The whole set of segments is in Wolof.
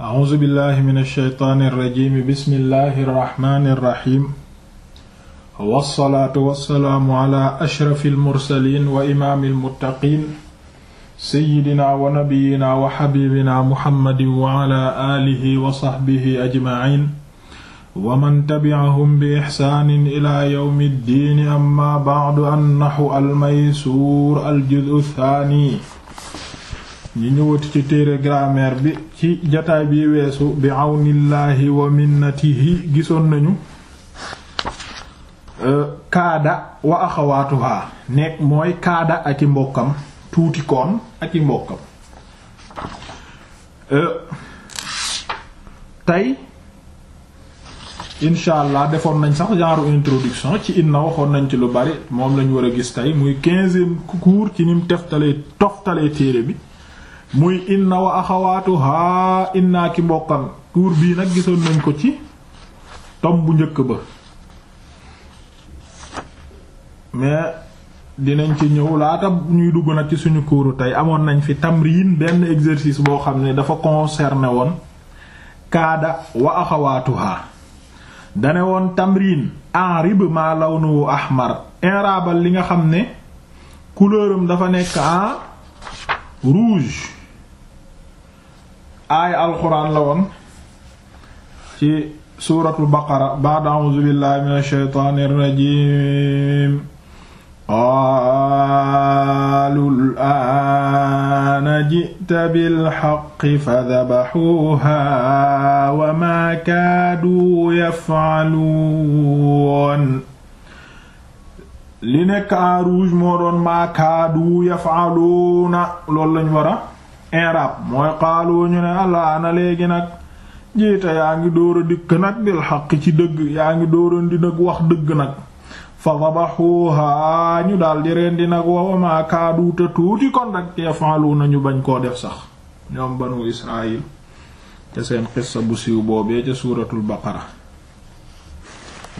a'uuzu billahi min alsheytaani irrajimi bismillahi irrahmani irrahim wassalaatu wassalaamu ala ashrafi almursalin wa imaami almuttaqin seyidina wa nabiyina wa xabibina muhammadin wa ala aalihi wa saxbihi ajmaciin wa man tabi'ahum bi ixsaanin ila yawmi ddiini amma bacdu annaxu almaysuur aljuz'u thaani ñi ñëwati ci téere grammaire bi ci jataay bi weesu bi awnillaahi wa minnatihi gisoon nañu euh, kaada wa axawaatuha nekk mooy kaada ak i mbokkam tuuti koon ak i mbokkam euh, tey incha allah defoon nañ sax genre introduction ci inna waxoon nañ ci lu bari moom lañu war a gis tey muy quinzième cours ci nim teftalee téere bi muy inna wa axawaatuha inna ki mbokkam kuur bii nag gisoon nañ ko ci tom bu njëkk ba mais dinañ ci ñëw laata ñuy dugg nag ci suñu kuuru tey amoon nañ fi tamrin benn exercice boo xam ne dafa concerné woon kaada wa axawaatuha dane woon tamrin enrib ma lawnu ahmar inraabal li nga xam ne couleuram dafa nekk en rouge aaya alxuraan la woon ci suuratul baqara ba'da a'uuzu billaahi minash shaytaanir rajiim qaalu al'aana ji'ta bil haqqi fadabahuuhaa wa maa kaaduu yaf'aluun li nekk en rouge moo doon maa kaaduu yaf'aluuna loolu lañ wara inrab mooy xaalu ñu ne alaana léegi nag jiita yaa ngi dóor dikk nag bil xaq ci dëgg yaa ngi dóoran di nag wax dëgg nag fa dabaxuha ñu daal di nag wawama kaaduuta tuuti kon rek teefaalu nañu bañ koo def sax ñoom banu israil ca seen xissa bu siiw boobee ca suuratul baqara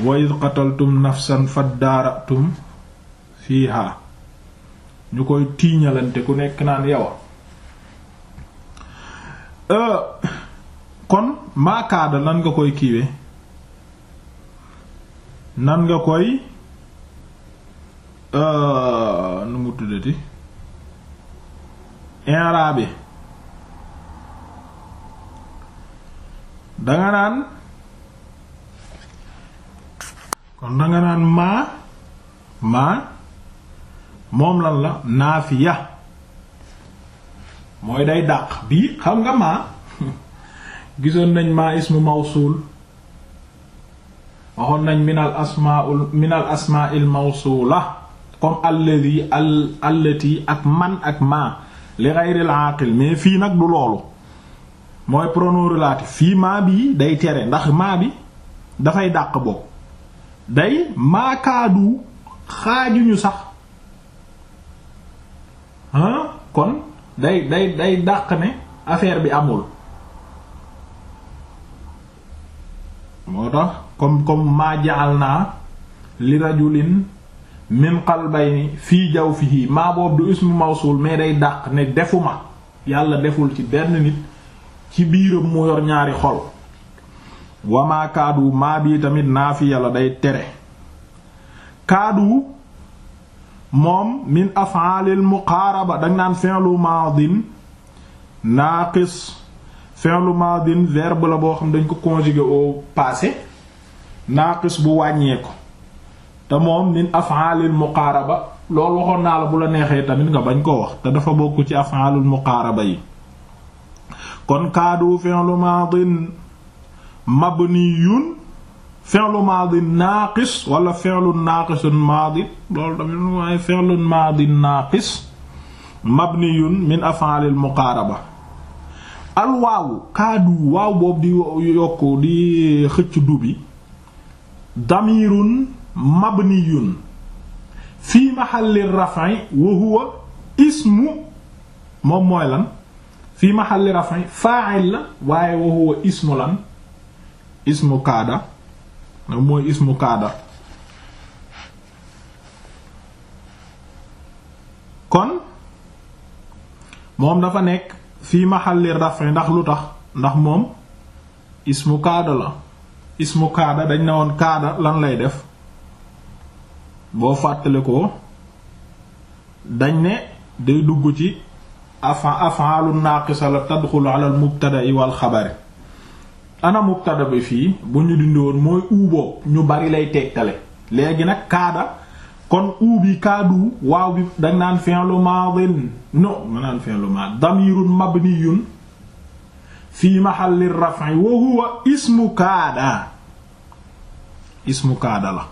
wa id qataltum nafsan faddaaratum fiiha ñu koy tiiñalante ku nekk naan yawa Euh, kon maakaada nan nga koy kiiwe nan nga koy euh, nu mu tuddati inraabe danga naan kon danga naan maa maa moom lan la naafiya mooy day dàq bii xam nga maa gisoon nañ maa ismu mawsul waxoon nañ min al asmaul min al asmail mawsula comme alladi al allati ak man ak ma li ghayril aqil mais fii nag du loolu mooy pronom relatif fii maa bii day tere ndax maa bi dafay dàq boobu day maakaadu xaajuñu sax ah kon day day day dàq ne affaire bi amul moo tax comme comme maa jaal naa li rajulin min qalbayni fii jawfihi maa boobu du ismu mawsul mais day dàq ne defuma yàlla deful ci benn nit ci biiram mu yor ñaari xol wa maa kaadu maa bii tamit naafiya la day tere kaadu moom min af'aalil muqaaraba danga naan fi'lu maadin naaqis fi'lu maadin verbe la boo xam dañ ko conjugué au passé naaqis bu wàññee ko te moom min af'aalil muqaaraba lool waxoon naa la bu la neexee tamit nga bañ koo wax te dafa bokk ci af'aalul muqaaraba yi kon kaadu fi'lu maadin mabniyun fi'lu maadi naaqis wala fi'lu naaqisun maadi loolu tamit waaye fi'lu maadi naaqis mabniyun min af'aalil muqaaraba al waawu kaadu waaw boobu di yokk di xëcc dubi damirun mabniyun fii mahalli raf'i wa huwa ismu moom mooy lan fii mahalli raf'i faa'il la waaye wa huwa ismu lan ismu kaada ndax mooy ismu kaada kon moom dafa nekk fii mahalli raf'i ndax lu tax ndax moom ismu kaada la ismu kaada dañ ne woon kaada lan lay def boo fàttale ko dañ ne day dugg ci afa af'aalu naaqisa la tadxulu ala al mubtada'i wal xabari ana mubtada bi fii bu ñu dindi woon mooy uu ñu bari lay tegtale léegi nag kaada kon uu bi kaadu waaw bi dañ naan fi'lu maadin non ma naan fi'lu damirun mabniyun fi mahalli raf'i wa huwa ismu kaada ismu kaada la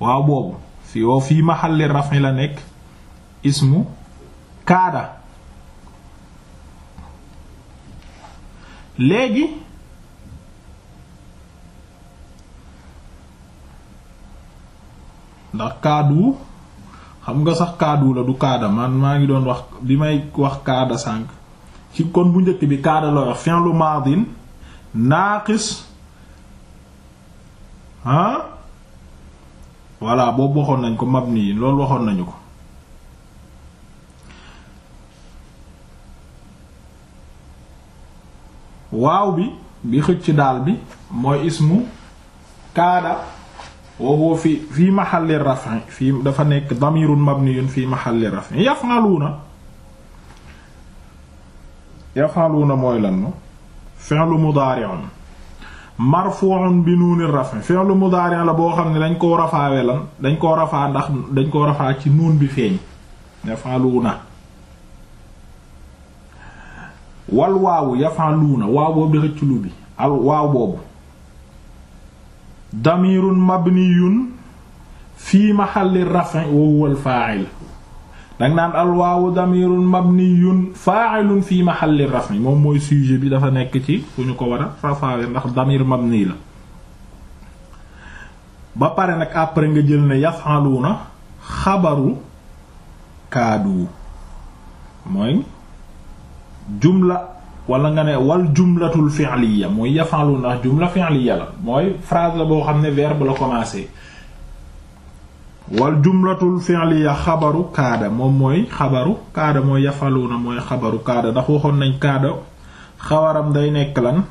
waaw boobu fi wa fi mahalli raf'i la nekk ismu kaada léegi ndax kaadu xam nga sax kaadu la du kaada man maa ngi doon wax bi may wax kaada sànq ci kon bu njëkk bi kaada la wax fi'lu maadin naaqis ah voilà boobu waxoon nañ ko mabni loolu waxoon nañu ko waaw bi bi xëcc daal bi mooy ismu kaada wa huwa fi fii mahalli raf'i fi dafa nekk damiru damirun mabniyun fii mahalli raf'i yaf'aluna yaf'aluna mooy lan no fi'lu mudari'un marfu'un bi nuuni raf'i fi'lu mudari' la boo xam ne dañ koo rafaawe lan dañ koo rafaa ndax dañ koo rafaa ci nuun bi feeñ na wal waawu yafaluuna waaw boobu dafa bi al waaw boobu damirun mabniyun fi mahalli raf'i wa huwa al fa'il naan al waawu damirun mabniyun fa'ilun fi mahalli raf'i moom mooy sujet bi dafa nekk ci fu ñu ko war a ndax damir mabni la ba pare nag après nga jël ne yafaluuna xabaru kaadu jumla wala nga ne wal jumlatul fi'liya muy yafalu ndax jumla fi'liya la mooy phrase la boo xam ne verbe la commencé wal jumlatul fi'liya xabaru kaada moom mooy xabaru kaada mooy yafalu na mooy xabaru kaada ndax waxoon nañ kaada xawaram day nekk lan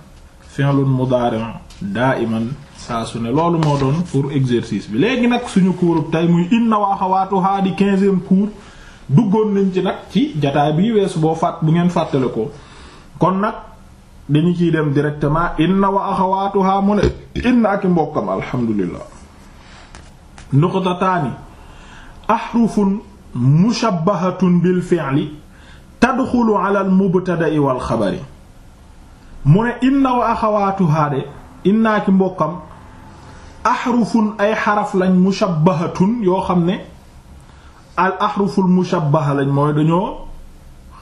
fi'lun mudari' da'iman saa su ne loolu moo doon pour exercice bi léegi nag suñu cours tey muy inna waa xawaatuhaa di quinzième cours duggoon nañ ci nag ci jataay bii weesu boo fàtt bu ngeen fàttale ko kon nag dañu ciy dem directement inna wa axawatuha mu ne inna ak mbokkam alhamdulillah nuqtataani bil fi'li tadxulu ala al mubtada'i mbokkam ahrufun ay xaraf lañ mushabbahatun yoo xam ne al ahruful mushabbaha lañ mooy dañoo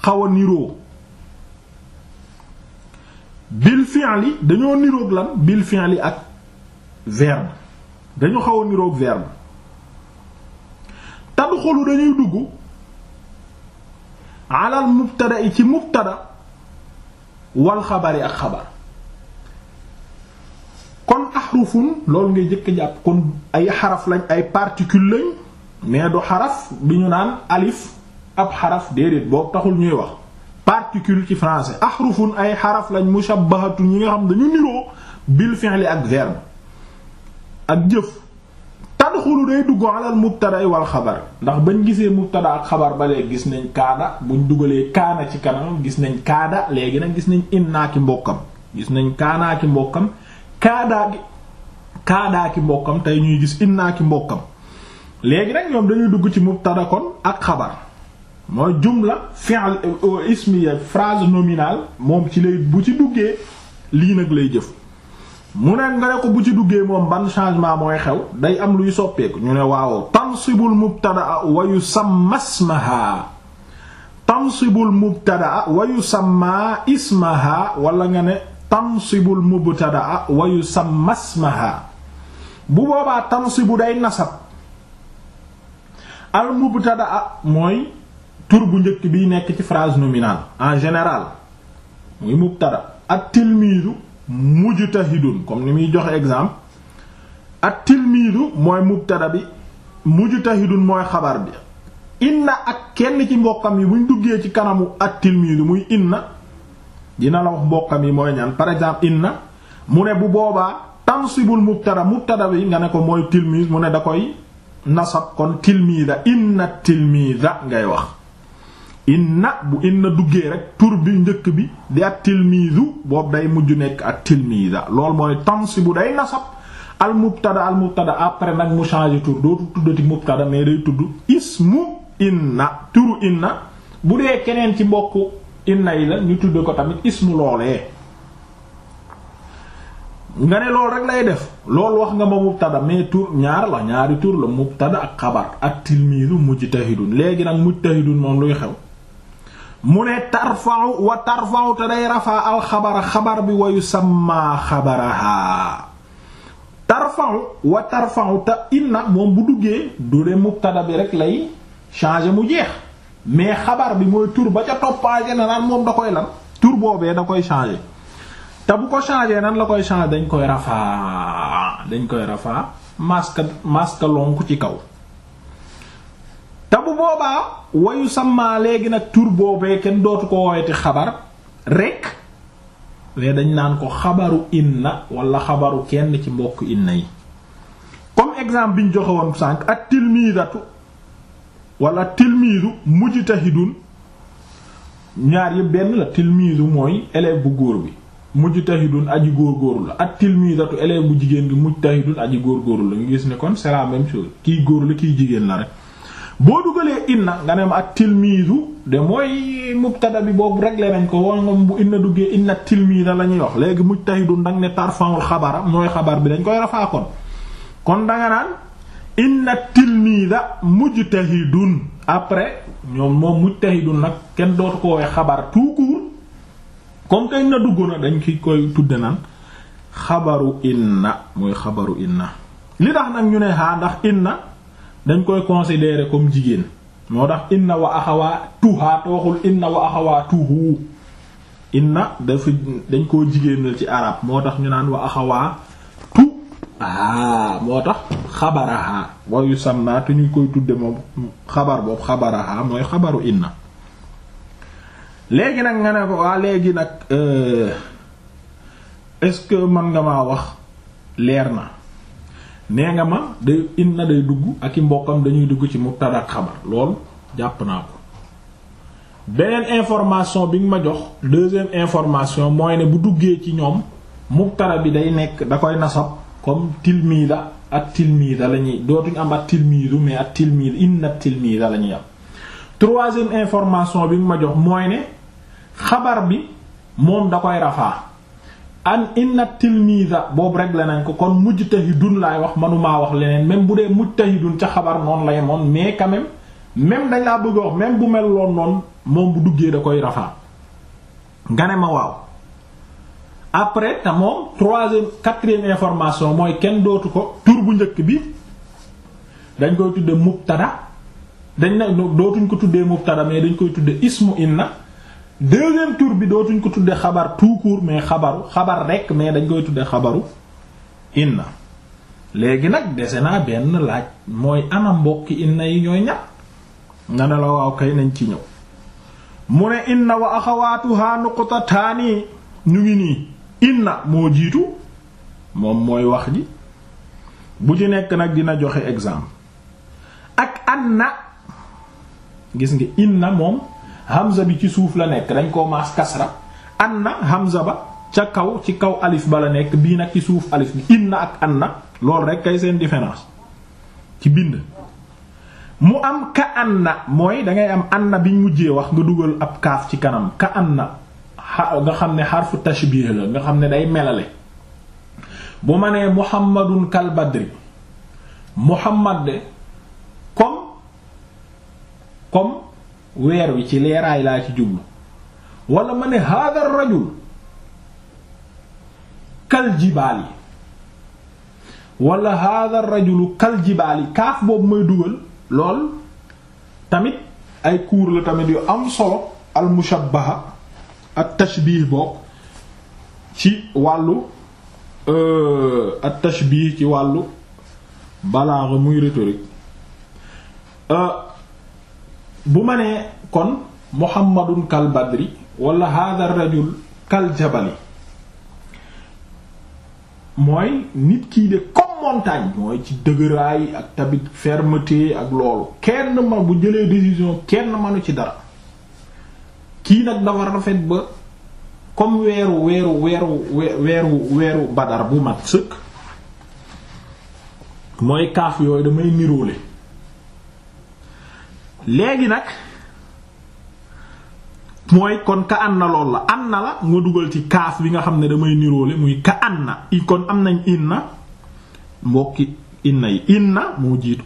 xaw a niroo bil fi'li dañoo niroog lan bil fi'li ak verbe dañu xaw a niroog verbe tadxulu dañuy dugg alal mubtada yi ci mubtada wal xabari ak xabar kon ahrufun loolu ngay jëkk jàpp kon ay xaraf lañ ay particule lañ mais du xaraf bi ñu naan alif ab xaraf déedéet boobu taxul ñuy wax particule ci français ahrufun ay xaraf lañ mushabbahatun ñi nga xam dañu niroo bill fi'li ak verbe ak jëf tadxulu day dugg alal mubtada wal xabar ndax bañ gisee mubtada ak xabar ba gis nañ kaana buñ dugalee kaana ci kanam gis nañ kaada léegi nag gis nañ innaa ki mbokkam gis nañ kaanaa ki mbokkam kaadaa ki kaadaa ki mbokkam tey ñuy gis innaa ki mbokkam léegi nag ñoom dañuy dugg ci mubtada kon ak xabar mooy jumla fi'l euh, ismiya phrase nominale moom ci lay bu ci duggee lii nag lay jëf mu ne nga ko bu ci duggee moom ban changement mooy xew day am luy soppeeku ñu ne waaw tansibul mubtadaa wa yusamma ismaha tansibul mubtadaa wa yusamma ismaha wala nga ne tansibul mubtadaa wa yusamma ismaha bu boobaa tansibu day nasab al mubtada mooy tur bu njëkk biy nekk ci phrase nominale en général muy mubtada at tilmiidu mujtahidun comme ni muy joxe exemple at tilmiidu mooy mubtada bi mujtahidun mooy xabar bi inna ak kenn ci mbokkam yi buñ duggee ci kanamu at tilmiidu muy na dina la wax mbokkam yi mooy ñaan par exemple na mu ne bu boobaa tansibul mubtada mubtada bi nga ne ko mooy tilmiid mu ne da koy nasab kon tilmida inna tilmida ngay wax inna bu inna duggee rek tur bi njëkk bi di ak tilmidu boobu day mujju nekk ak tilmida loolu mooy tansi bu day nasab al mubtada al mubtada après nag mu changer tur dootu tuddati mubtada mais day tudd ismu inna turu inna bu dee keneen ci mbokk inna yi la ñu tudd ko tamit ismu loolee nga ne loolu rek lay def loolu wax nga ma mubtada mais tur ñaar la ñaari tur la mubtada ak xabar ak tilmiidu mujtahidun léegi nag mujtahidun moom luy xew mu ne tarfa'u wa tarfa'u te day rafaa alxabara bi wa yusamma xabaraha tarfa'u wa tarfa'u moom bu duggee du de mubtada bi rek lay changer mu jeex mais xabar bi mooy tur ba ca toppaa général moom da koy lan tur boobee da koy changer te bu ko changé nan la koy changé dañ koy rafaa dañ koy rafaa maska maska lonk ci kaw te bu boobaa wayu sàmmaa léegi nag tur boobee kenn dootu ko wooweti xabar rek mais dañ naan ko xabaru inna wala xabaru kenn ci mbokk inna yi comme exemple bi ñu joxe woon sànq ak tilmiidatu wala tilmiidu mujtahidun ñaar yëpp benn la tilmiidu mooy élève bu góor bi mujj mujtahidun aji góorgóorlu la ak tilmisatu élève bu jigéen gi mujtahidun aji góorgóorlu la nga gis ne kon c'est la kii chose góor la kii jigéen la rek boo dugalee inna nga ne ma ak tilmisu de mooy mubtada bi boobu réglé nañ ko woo ngam bu inna duggee inna tilmisa la ñuy wax léegi mujtahidun dang ne tarfa'ul xabara mooy xabar bi dañ koy rafaa kon kon danga naan inna tilmisa mujtahidun après ñoom moom mujtahidun nag kenn dootu ko woowee xabar tout comme que inna dugg na dañ ki koy tudde nan xabaru inna mooy xabaru inna li tax nag ñu ne haa ndax inna dañ koy considérer comme jigéen moo tax inna wa axawaa tuhaa te waxul inna wa tuhu inna dafa dañ koo jigéenal ci arab moo tax ñu naan wa axawaa tu haa moo tax xabarahaa wa yusamma te ñu koy tudde moom xabar boobu xabarahaa mooy xabaru inna léegi nag nga ne ko waa léegi nag euh, est-ce que mën nga ma wax leer na nee nga ma day na day dugg ak i mbokkam dañuy dugg ci mubtada ak xabar loolu jàpp naa ko beneen information bi nga ma jox deuxième information mooy ne bu duggee ci ñoom mubtada bi day nekk da koy nasab comme tilmida ak tilmida la ñuy dootuñu am ak tilmidu mais ak tilmid inna tilmida la ñuy am troisième information bi nga ma jox mooy ne xabar bi moom da koy rafaa an inna tilmisa boobu rek la nañ ko kon mujj mujtahidun laay wax manumaa wax leneen même bu dee mujtahidun ca xabar noonu lay moon mais quand même même dañ laa bëgg a même bu mel loon noonu moom bu duggee da koy rafaa nga ne ma waaw après te moom troisième quatrième information mooy kenn dootu ko tur bu njëkk bi dañ koy tudde mubtada dañ na dootuñ ko tuddee mubtada mais dañ koy tudde ismu inna deuxième tur bi dootuñ ko tuddee xabar tout court mais xabaru xabar rekk mais dañ koy tuddee xabaru inna léegi nag dese naa benn laaj mooy anam mbokki inna yi ñooy ñat nga ne la waaw kay nañ ci ñëw mu ne inna wa axawaatuha nuqtataani ñu ngi nii inna moo jiitu moom mooy wax ji bu ci nekk nag dina joxe exemple ak anna gis nga inna moom hamza bi ci suuf la nekk dañ koo maas kasra anna hamza ba ca kaw ci kaw alif ba la nekk bii nag ci suuf alif bi na ak anna lool rek kay seen différence ci bind mu am ka mooy dangay am anna biñ mujjee wax nga dugal ab kaaf ci kanam ka anna nga xam ne xarfu tashbih la nga xam ne day melale bu ma nee muhammadun kal badri muhammad de comme weer wi ci leeraay laa ci jublu walla ma ne hadha ar-rajul kal jibaal yi wala hadha rajulu kal yi kaaf boobu may dugal lool tamit ay kuur la tamit yu am solo al mushabbaha at tashbih bokk ci wàllu euh, at tashbih ci wàllu balaaxa muy rhétorique euh, bu ma nee kon muhammadun kal badri wala hadha rajul kal mooy nit kii de comme montagne mooy ci dëgëraay ak tamit fermeté ak loolu kenn ma bu jëlee décision kenn manu ci dara kii nag dafa rafet ba comme weeru weeru weeru weeru weeru badar bu mat sëkk mooy kaaf yooyu damay niroole léegi nag mooy kon ka anna lool la anna la nga dugal ci kaaf bi nga xam ne damay niroole muy ka na i kon am nañ inna mbokki inna yi inna moo jiitu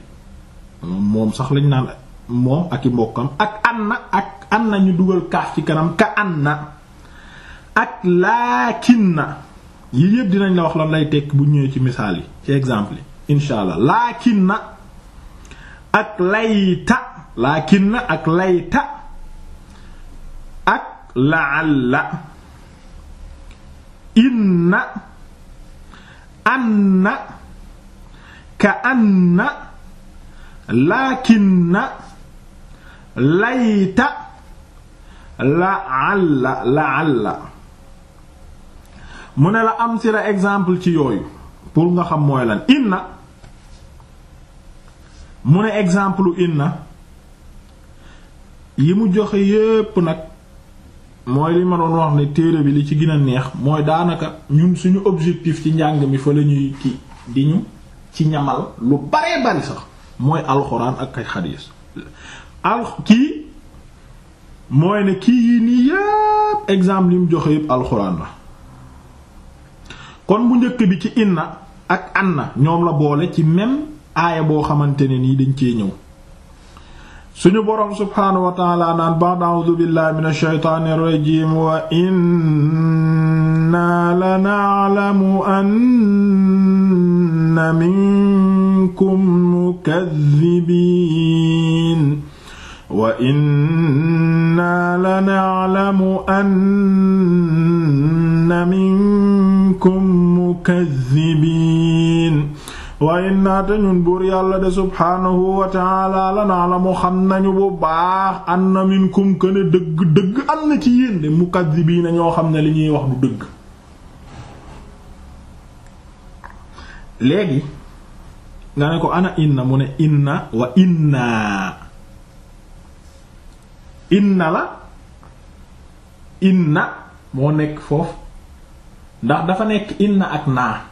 moom sax lañ naan moom ak mbokkam ak anna ak anna ñu dugal kaaf ci kanam ka na ak laakinna yi yépp dinañ la wax lan lay tekk bu ñëwee ci misaal yi ci exemple yi insha allah laakinna ak layta laakin na ak layta ak laalla inna anna ka anna laakinna layta laalla laalla mu ne la am exemple ci yooyu pour nga xam mooy lan inna mu ne exemple na yi mu joxe yépp nag mooy li ma wax ne téere bi li ci gën a neex mooy daanaka ñun suñu objectif ci njàng mi fa la ñuy ki di ñu ci ñamal lu baree bari sax mooy alxuraan ak ay xadiis al kii mooy kii nii exemple yi joxe alxuraan la kon bu njëkk bi ci inna ak anna ñoom la boole ci même aaya boo xamante ne nii dañ cee ñëw suñu boroom subhaanahu wa taala naan ba'da a'uudu billahi minash shaytaanir rajiim wa inna lana'lamu anna minkum mukaddibiin wa inna lana'lamu anna minkum mukaddibiin wa inna te ñun buur yàlla de subhaanahu wa ta'ala la mu xam nañu bu baax anna minkum këne dëgg dëgg am na ci yéen de mukaddibiina ñoo xam ne li ñuy wax du dëgg léegi nga ne ko ana inna mu ne inna wa inna inna la inna moo nekk foofu ndax dafa nekk inna ak naa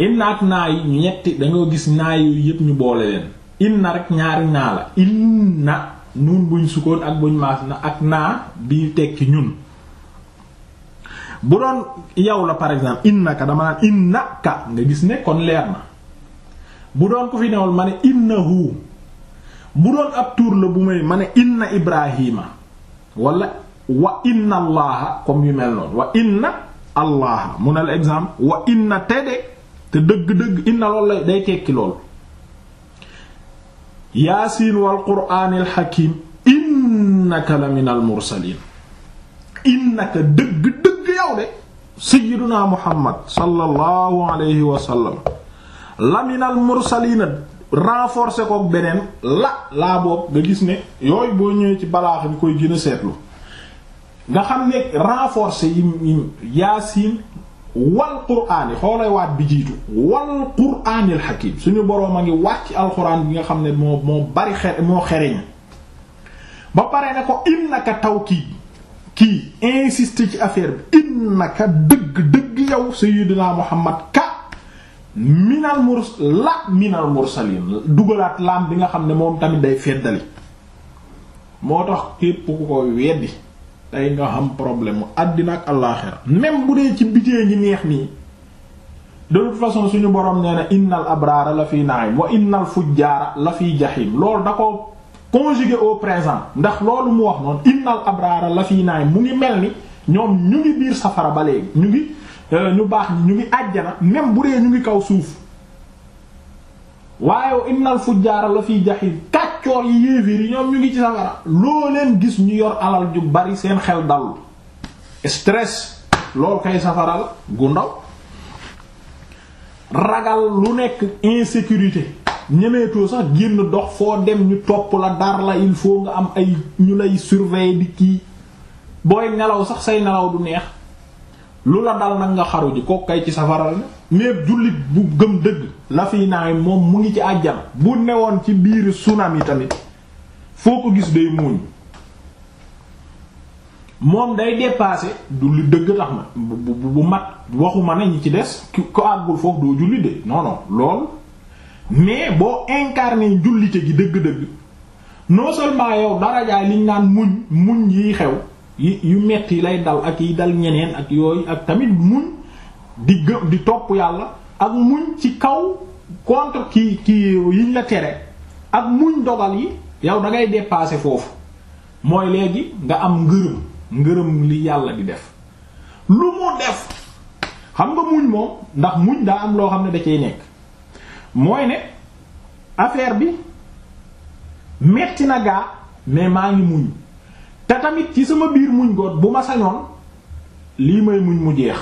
inna ak naa yi ñetti dañoo gis naa yépp ñu boole leen inna rek ñaari naa la inna nun buñ sukkoon ak buñ maas na ak naa bi tekki ñun bu doon yow la par exemple innaka dama naan innaka nga gis ne kon leer na bu doon ko fi newal ma ne innahu bu doon ab tuur la bu may ma ne inna ibrahima wala wa inna allaha comme yu mel noonu wa inna allaha mu ne la exemple wa inna tede te dëgg-dëgg inna lool la day tekki lool yaasiin wal quraanil hakiim innaka la minal mursaliin innaka dëgg-dëgg yow de sayyiduna muhammad sallallahu alayhi wa la minal mursaliina renforcer kook beneen la laa boobu nga gis ne yooyu boo ñëwee ci balaax bi koy gën seetlu nga xam ne renforcer yi yaasiin wal qur'aan xoolay waat bi jiitu wal qur'aanil hakiim suñu boroom a ngi wax ci alxuraan bi nga xam ne moo moo bari xere moo xereñ ba pare ne ko innaka taw kii insister ci affaire bi innaka dëgg dëgg yow sayyidina Muhammad ka minal murs la minal mursaliin dugalaat laam bi nga xam ne moom tamit day feddali moo tax képp ku ko weddi tey nga xam problème mu àddina ak àllaaxira même bu dee ci bitee ñi neex nii de toute façon suñu borom nee na innal abraara la fiy naim wa innal fujjaara la fiy jaxiim loolu da ko conjugué au présent ndax loolu mu wax noonu innal abrara la fiy naim mu ngi mel ni ñoom ñu ngi biir safara ba léegi ñu ngi euh, ñu baax ñu ngi àjjana même bu dee ñu ngi kaw suuf. waaye innal fujjaara la fiy jaxiim kàccoor yi yéeféer ñoom ñu ngi ci safara loo leen gis ñu yor alal ju bari seen xel dal stress lool koy safaral gu ndaw ragal lu nekk insécurité ñemeetoo sax génn dox foo dem ñu topp la dar la il faut nga am ay ñu lay surveiller di kii booy nelaw sax say nelaw du neex lu la dal nag nga xaru ji ko kay ci safaral ne mais jullit bu gëm dëgg la fiy naay moom mu ngi ci àjjana bu newoon ci biir yi tamit foo ko gis day muuñ moom day dépassé jullit dëgg tax na bu bu mat waxuma ne ci des ko àggul foofu doo jullit de non non loolu mais boo incarné jullite gi dëgg-dëgg non seulement yow darajaay liñ naan muñ muñ yi xew yu metti lay dal ak yi dal ñeneen ak yooyu ak tamit muñ di gëm di topp yàlla ak muñ ci kaw contre ki kii yiñ la tere ak muñ dogal yi yow da ngay dépasser foofu mooy léegi nga am ngërëm ngërëm li yàlla di def lu mu def xam nga muñ moom ndax muñ daa am loo xam ne da cay nekk mooy ne affaire bi metti na gaa mais maa ngi muñ te tamit ci sama biir muñ goot bu ma sañoon lii may muñ mu jeex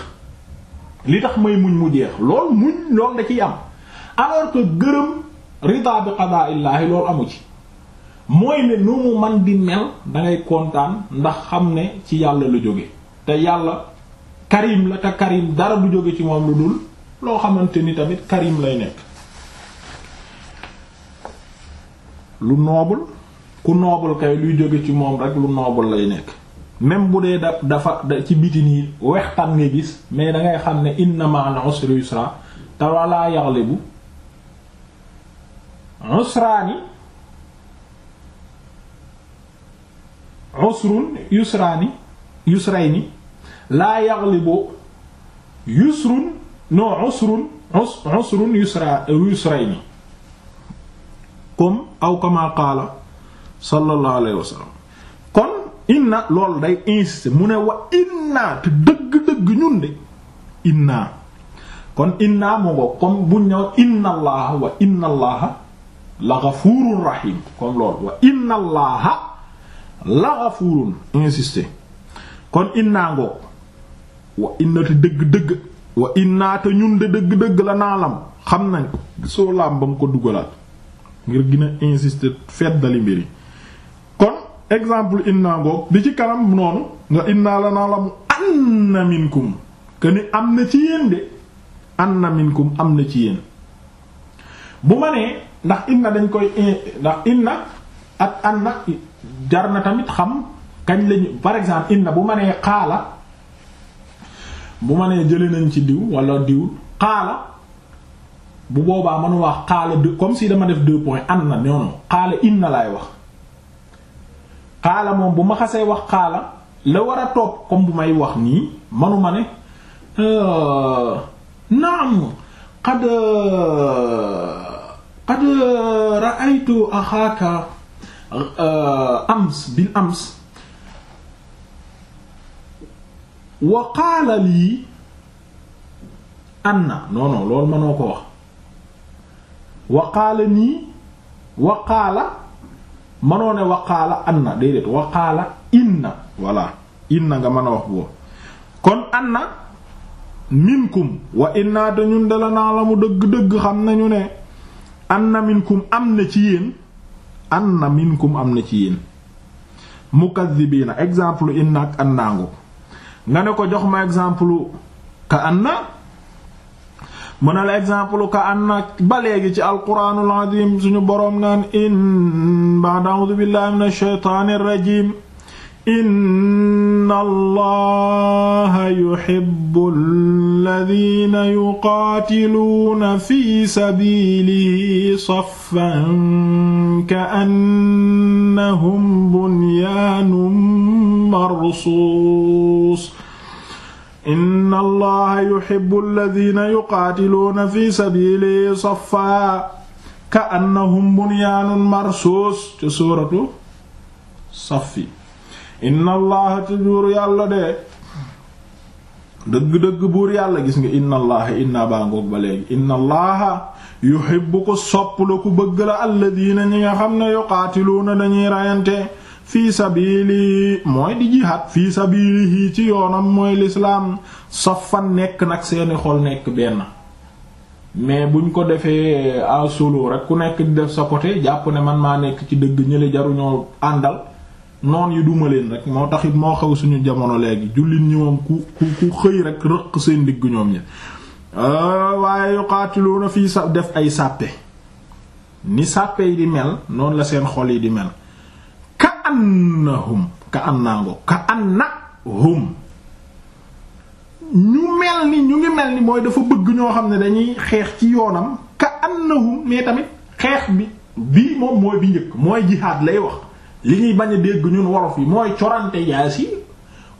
li tax may muñ mu jeex lool muñ lool da ciy am alors que gërëm rida bi qadaa illaahi loolu amu ci mooy ne nu mu man di mel da kontaan ndax xam ne ci yàlla lu jóge te yàlla karim la te karim dara du jóge ci moom lu dul loo xamante ni tamit karim lay nekk lu noobul ku noobul kay luy jóge ci moom rek lu noobul lay nekk même bu dee da dafa ci biti nii wextan nga gis mais dangay xam ne inna ma'al usri yusra te wala yaghlibu usraani usrun yusraani yusrayni laa yaghlibu yusrun non usrun usrun yusra yusrayni aw kama qaala sallallahu alayhi wa inna lool day insister mu ne wa inna te dëgg-dëgg ñun de inna kon inna mu ngo comme buñ ñëw inna allaha wa inna allaha la ghafurur rahim comme loolu wa inna allaha la ghafurun insister kon inna ngo wa inna te dëgg-dëgg wa inna te ñun de dëgg-dëgg la naalam xam nañ soo laam ba mu ko dugalaat ngir gën a insister feddali mbiri exemple inna ngoog di ci kanam noonu nga inna la naa la mu anna minkum ni am na ci yéen de anna am na ci yéen bu ma nee ndax inna dañ koy ndax inna ak anna jar na tamit xam kañ lañu par exemple inna bu ma nee xaala bu ma nee jëlee nañ ci diw wala diw xaala bu boobaa mënu wax xaala comme si dama def deux point anna non non xaala inna laay wax. xaala moom bu ma xasee wax xaala la war a topp comme bu may wax nii manuma ne euh, naam qad euh, qad ra'aytu axaaka euh, ams bil ams wa qaala lii anna non non loolu mënoo ko wax wa qaala nii wa qaala mënoo ne waqaala anna déedéet waqaala inna voilà inna nga mën a wax boobu kon anna minkum wa inna ñun de naa la mu dëgg-dëgg xam nañu ne anna minkum am na ci yéen anna minkum am na ci yéen mukazzibiina exemple inna ak annaangu nga ne ko jox ma exemple ka anna mu ne la exemple ka anna ba léegi ci alquraanul aziim suñu boroom naan in ba'da a'uudu billahi minash shaytaanir rajiim inna allaha yuhibbu alladhina yuqaatiluuna fi sabiilihi saffan ka'annahum bunyaanun marsuus inna allaha yuhibbu alladhina yuqaatiluuna fi sabiilihi saffaa ka annahum bunyaanun marsuus ca suuratu saffi inna allaha te buur yàlla de dëgg-dëgg buur yàlla gis nga inna allaha inna baa ngoog ba léegi inna allaha yuhibbu ko sopp la ku bëgg la alladhina ñi nga xam ne yuqaatiluuna dañuy rayante fii sabiilihi mooy di jihaad fii sabiilihi ci yoonam mooy lislaam safan nekk nag seeni xol nekk benn mais buñ ko defee à solo rek ku nekk di def sa côté jàpp ne man maa nekk ci dëgg ñële jaruñoo àndal noon yi duma rek moo taxit moo xew suñu jamono léegi jullit ñi ku ku xëy rek rëq seen digg ñoom ñi euh, waaye yuqaatiluuna fii sa def ay sàppe ni sàppe yi di mel noonu la seen xol yi di mel annahum ka annaango ka annahum ñu mel ni ñu ngi mel ni mooy dafa bëgg ñoo xam ne dañuy xeex ci yoonam ka annahum mais tamit xeex bi bii moom mooy bi njëkk mooy jixaat lay wax li ñuy bañ a dégg ñun wolof yi mooy corante jaas yi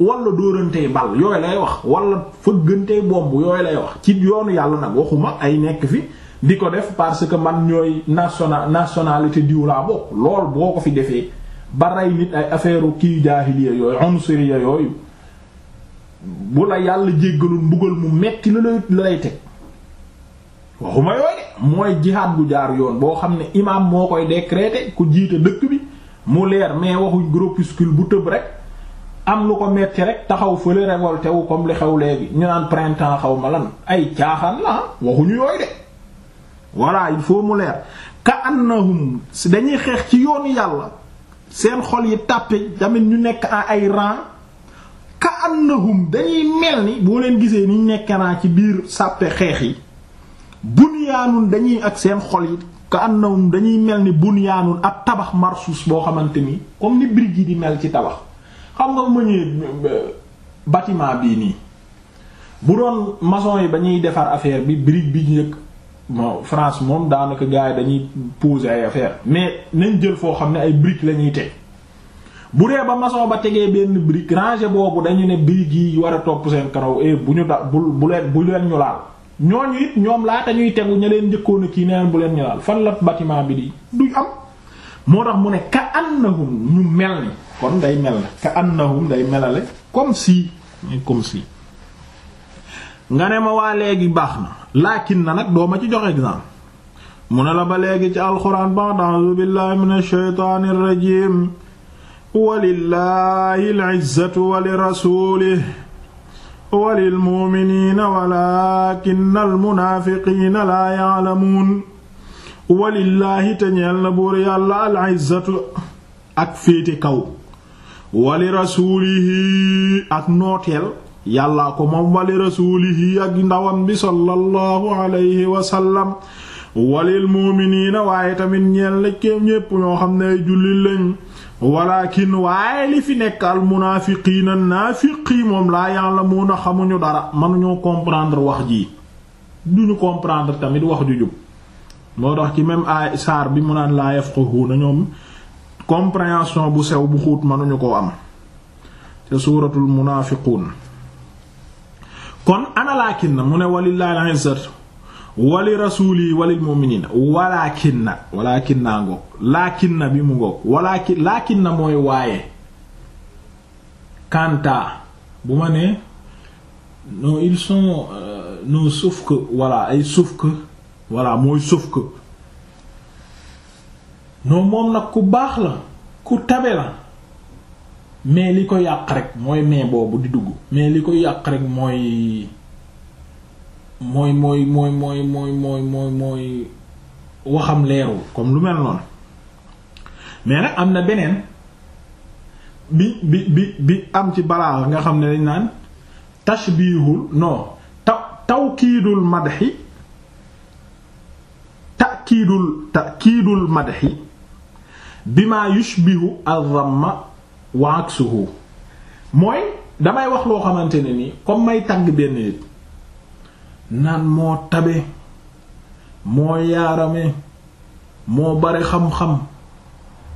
wala dóorantey bal yooyu lay wax wala fëggantey bomb yooyu lay wax ci yoonu yàlla nag waxuma ay nekk fi di ko def parce que man ñooy national nationalité diw laa lool boo ko fi defee ba rey nit ay affaire kii jaahiliya yooyu unsuriya yooyu bu la yàlla jéggalul mbugal mu metti la lay la lay teg waxuma yooyu de mooy jihaad bu jaar yoon boo xam ne imaam moo koy décréter ku jiite dëkk bi mu leer mais waxuñ groupuscule bu tëb rek am lu ko metti rek taxaw fële révolté wu comme li xew léegi ñu naan printemps xaw ma lan ay caaxaan la ah, waxuñu yooyu de voilà il faut mu leer ka annahum dañuy xeex ci yoonu yàlla seen xol yi tàppe tamit ñu nekk en ay rang ka annahum dañuy mel ni boo leen gisee niñ nekkee naa ci biir sàppe xeex yi bunyaanun dañuy ak seen xol yi ka annahum dañuy mel ni bunyaanun ak tabax marsus boo xamante ni comme ni brique yi di mel ci tabax xam nga mëñee bâtiment bii nii bu doon mason yi ba ñuy defar affaire bi brique bi njëkk mo France moom daanaka gars dañuy poser ay affaire mais nañ jël foo xam ne ay briques la ñuy teg bu dee ba maçon ba tegee benn brique rangée boobu dañu ne briques yi war a topp seen kanaw eh, bu ñu da bul bu leen bu leen ñu laal ñooñu it ñoom laata ñuy tegu ña leen njëkkoon a kii neen bu leen ñu laal fan la bâtiment bi di duñ am moo tax mu ne ka annahum ñu mel ni kon day mel ka annahum day melale comme si comme si nga ne ma waa léegi baax na laakin na nag doo ma ci jox exemple mu ne la ba léegi ci alxuraan ba a'uuzu billaahi mina shaytaani rajiim walillaahi al-izzatu wa li rasuulihi wa lil mu'miniina walaakinna al-munaafiqiina laa ya'lamuun walillaahi te ñeel na buur yàlla al-izzatu ak féete kaw wa li rasuulihi ak nooteel yàllaa ko moom wali rasuulihi ak ndawam bi sallallahu alayhi wasallam walil muuminiina waaye tamit ñeel na kéem ñépp ñoo xam ne ay jullit lañ walaakin waaye li fi nekk al munaafiqiina naafiqi moom laa ya'lamuuna xamuñu dara mënuñoo comprendre wax ji duñu comprendre tamit wax ju jub moo tax ci même ay saar bi mu naan laa yafqahuuna ñoom compréhension bu sew bu xuut mënuñu koo am te suuratul munaafiquun kon ana laakin na mu ne walillahi al-izzatu wali rasuuli walil mu'minina walaakin na walaakin naa ngoog laakin na bi mu ngoog walaakin laakin na mooy waaye kanta bu ma ne non ils sont euh, non sauf que voilà ay sauf que voilà mooy sauf que non moom nag ku baax la ku tabe la mais li ko yàq rek mooy mais boobu di dugg mais li ko yàq rek mooy mooy mooy mooy mooy mooy mooy mooy mooy waxam leerul comme lu mel noonu mais nag am na beneen bi bi bi bi am ci balaa nga xam ne dañ naan tashbihul non taw tawkiidul madhi takiidul takiidul madhi bima yushbihu adh-dhamma wa aksuhu mooy damay wax loo xamante ne nii comme may tagg benn nit naan moo tabe moo yaarame moo bari xam-xam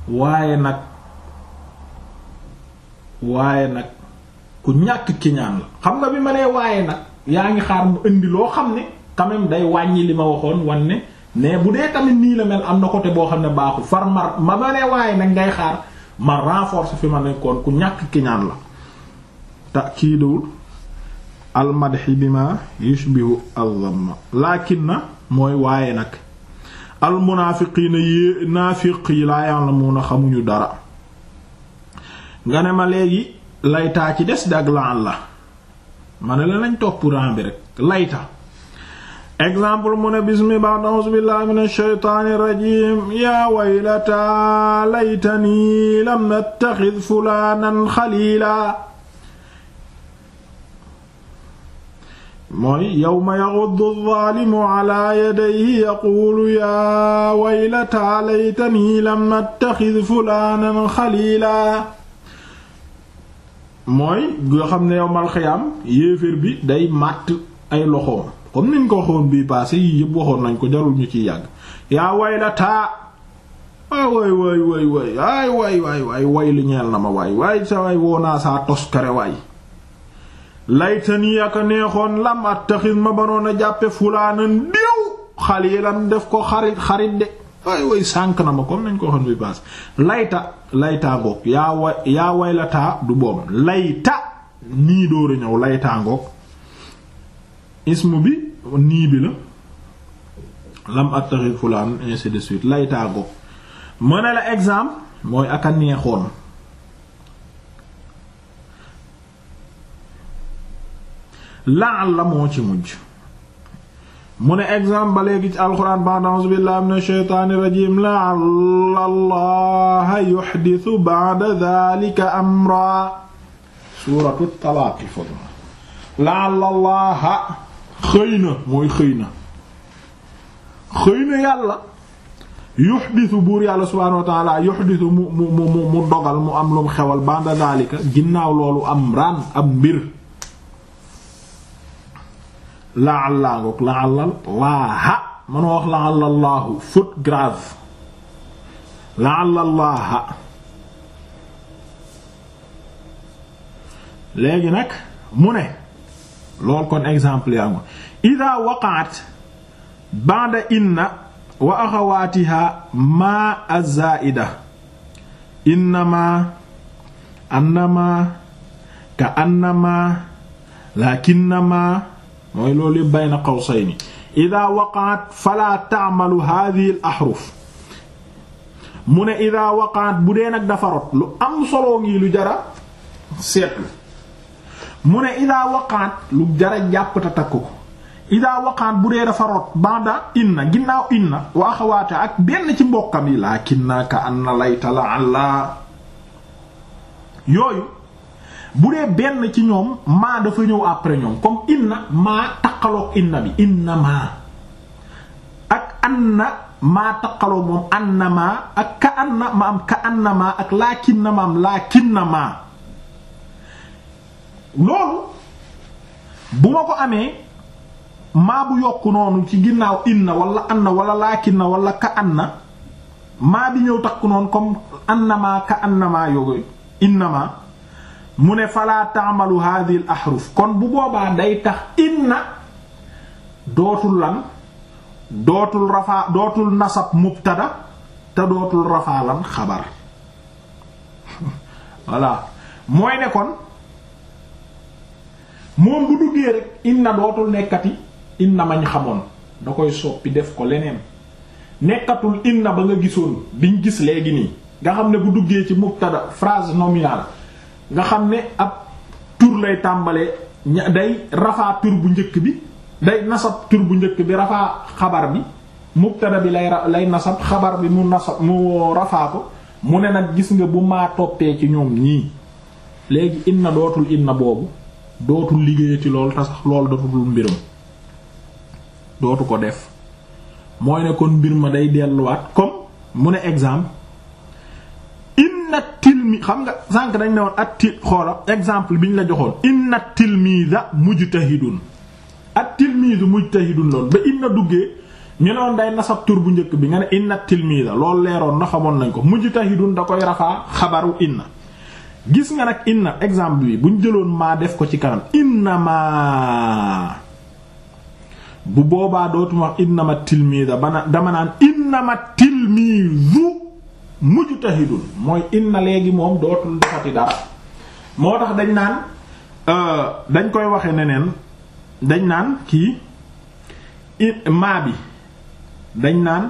waaye nag waaye nag ku ñàkk ci la xam nga bi ma nee waaye nag yaa ngi xaar mu indi loo xam ne quand même day wàññi li ma waxoon wan ne mais bu dee tamit nii la mel am na côté boo xam ne baaxul far mar ma ma nee waaye nag ngay xaar ma renforcer fi ma nekkoon ku ñàkk kiñaan la takiidul almadxi bi ma yushbihu aldamma laakin na mooy waaye nag almunaafiqiina yée naafiq yi laa ya'lamuuna xamuñu dara nga ne ma léegi laytaa ci des di ak laan la ma ne la nañ topp ren bi rek layta exemple mu ne bismi ba'd a'uuzu billahi minash shaytaanir rajiim yaa waylataa laytanii lam attaxid fulaanan xaliilaa mooy yawma yaghuddu adh-dhaalimu alaa yadayhi yaquulu yaa waylataa laytanii lam attaxid fulaanan xaliilaa mooy nga xam ne yawmal xiyaam yéeféer bi day màtt ay loxoom kon niñ ko waxoon bii passé yii yëpp waxoon nañ ko jarul ñu ciy yàgg yaa way la taa ah, waay waay waay waay waay waay waay waay waay way li ñeel na ma waay waaye sa waay woo naa saa toskare waay neexoon lam ma banoon a jàppe fulaanan déew xalilan def ko xarit xarit de waay waay ko waxoon bii passé layta laytaa ngoog la taa du boom layta nii dóora ñëw laytaa ngoog ismu bi nii bi la lam attaxi fulaan ainsi laytaa go mu ne la exemple mooy ak a neexoon laal la moo ci mujj mu ne exemple ba léegi ci alxuraan ba'da a'uuzu billaahi mina shaytaani xëy na mooy xëy na xëy na yàlla yuxdisu buur yàlla subhaanahu wa ta'ala yuxdisu mu mu mu mu dogal mu am lum xewal banda daalika ginnaaw loolu am raan am mbir laalla ngoog laallal laaha mënoo wax laallallaahu faute grave laallallaaha léegi nag mu ne lool exemple yaa nga ida waqaat ba'da inna wa axawaatiha maa az-zaa'ida innama annama ka annama lakinnama mooy loolu yëpp bayna qawsayni ida waqaat fala taamalu hadhihi al mu ne ida waqaat bu dee nag lu am solo lu jara seetlu mu ne idaa waqaat lu jara jàpp takk ko idaa waqaat bu dee dafa rot banda inna ginnaaw inna wa axawaata ak benn ci mbokkam yi lakinna ka anna layta la allah yooyu bu dee benn ci ñoom maa dafa ñëw après ñoom comme inna maa taqaloog inna bi inna maa ak anna maa taqaloog moom anna maa ak ka anna maam ka anna maa ak laakinna maam laakinna maa loolu bu ma ko amee maa bu yokk noonu ci ginnaaw inna wala anna wala laakinna wala ka anna maa bi ñëw takk noonu comme annamaa ka annamaa yooyu innamaa mu ne falaa taamalu hadhihi ahruf kon bu boobaa day tax inna dootul lan dootul rafaa dootul nasab mubtada te dootul rafaa lan xabar voilà mooy ne kon moom bu duggee rek inna dootul nekkati inna mañ xamoon da koy soppi def ko leneen nekkatul inna ba nga gisoon biñ gis léegi nii nga xam ne bu duggee ci mubtada phrase nominale nga xam ne ab tur lay tàmbalee ña day rafaa tur bu njëkk bi day nasab tur bu njëkk bi rafaa xabar bi mubtada bi lay lay nasab xabar bi mu nasab mu rafaa ko mu ne nag gis nga bu maa toppee ci ñoom ñii léegi inna dootul inna boobu dootul liggéeye ci loolu te sax loolu dootul mbiram dootu ko def mooy ne kon mbir ma day delluwaat comme mu ne exemple inna tilmi xam nga sànq dañ ne woon at til xoola exemple bi ñu la joxoon inna tilmida mujtahidun at tilmidu mujtahidun loolu ba inna duggee ñu ne woon day nasab tur bu njëkk bi nga ne inna tilmida loolu leeroon na xamoon nañ ko mujj mujtahidun da koy rafaa xabaru inna gis nga nag na exemple bi buñ jëloon maa def ko ci kanam inna na bu boobaa dootuma wax inna ma tilmiida bana dama naan inna ma tilmiidu mujtahidun mooy inna léegi moom dootul defati dara moo tax dañ naan euh, dañ koy waxe neneen dañ naan kii maa bi dañ naan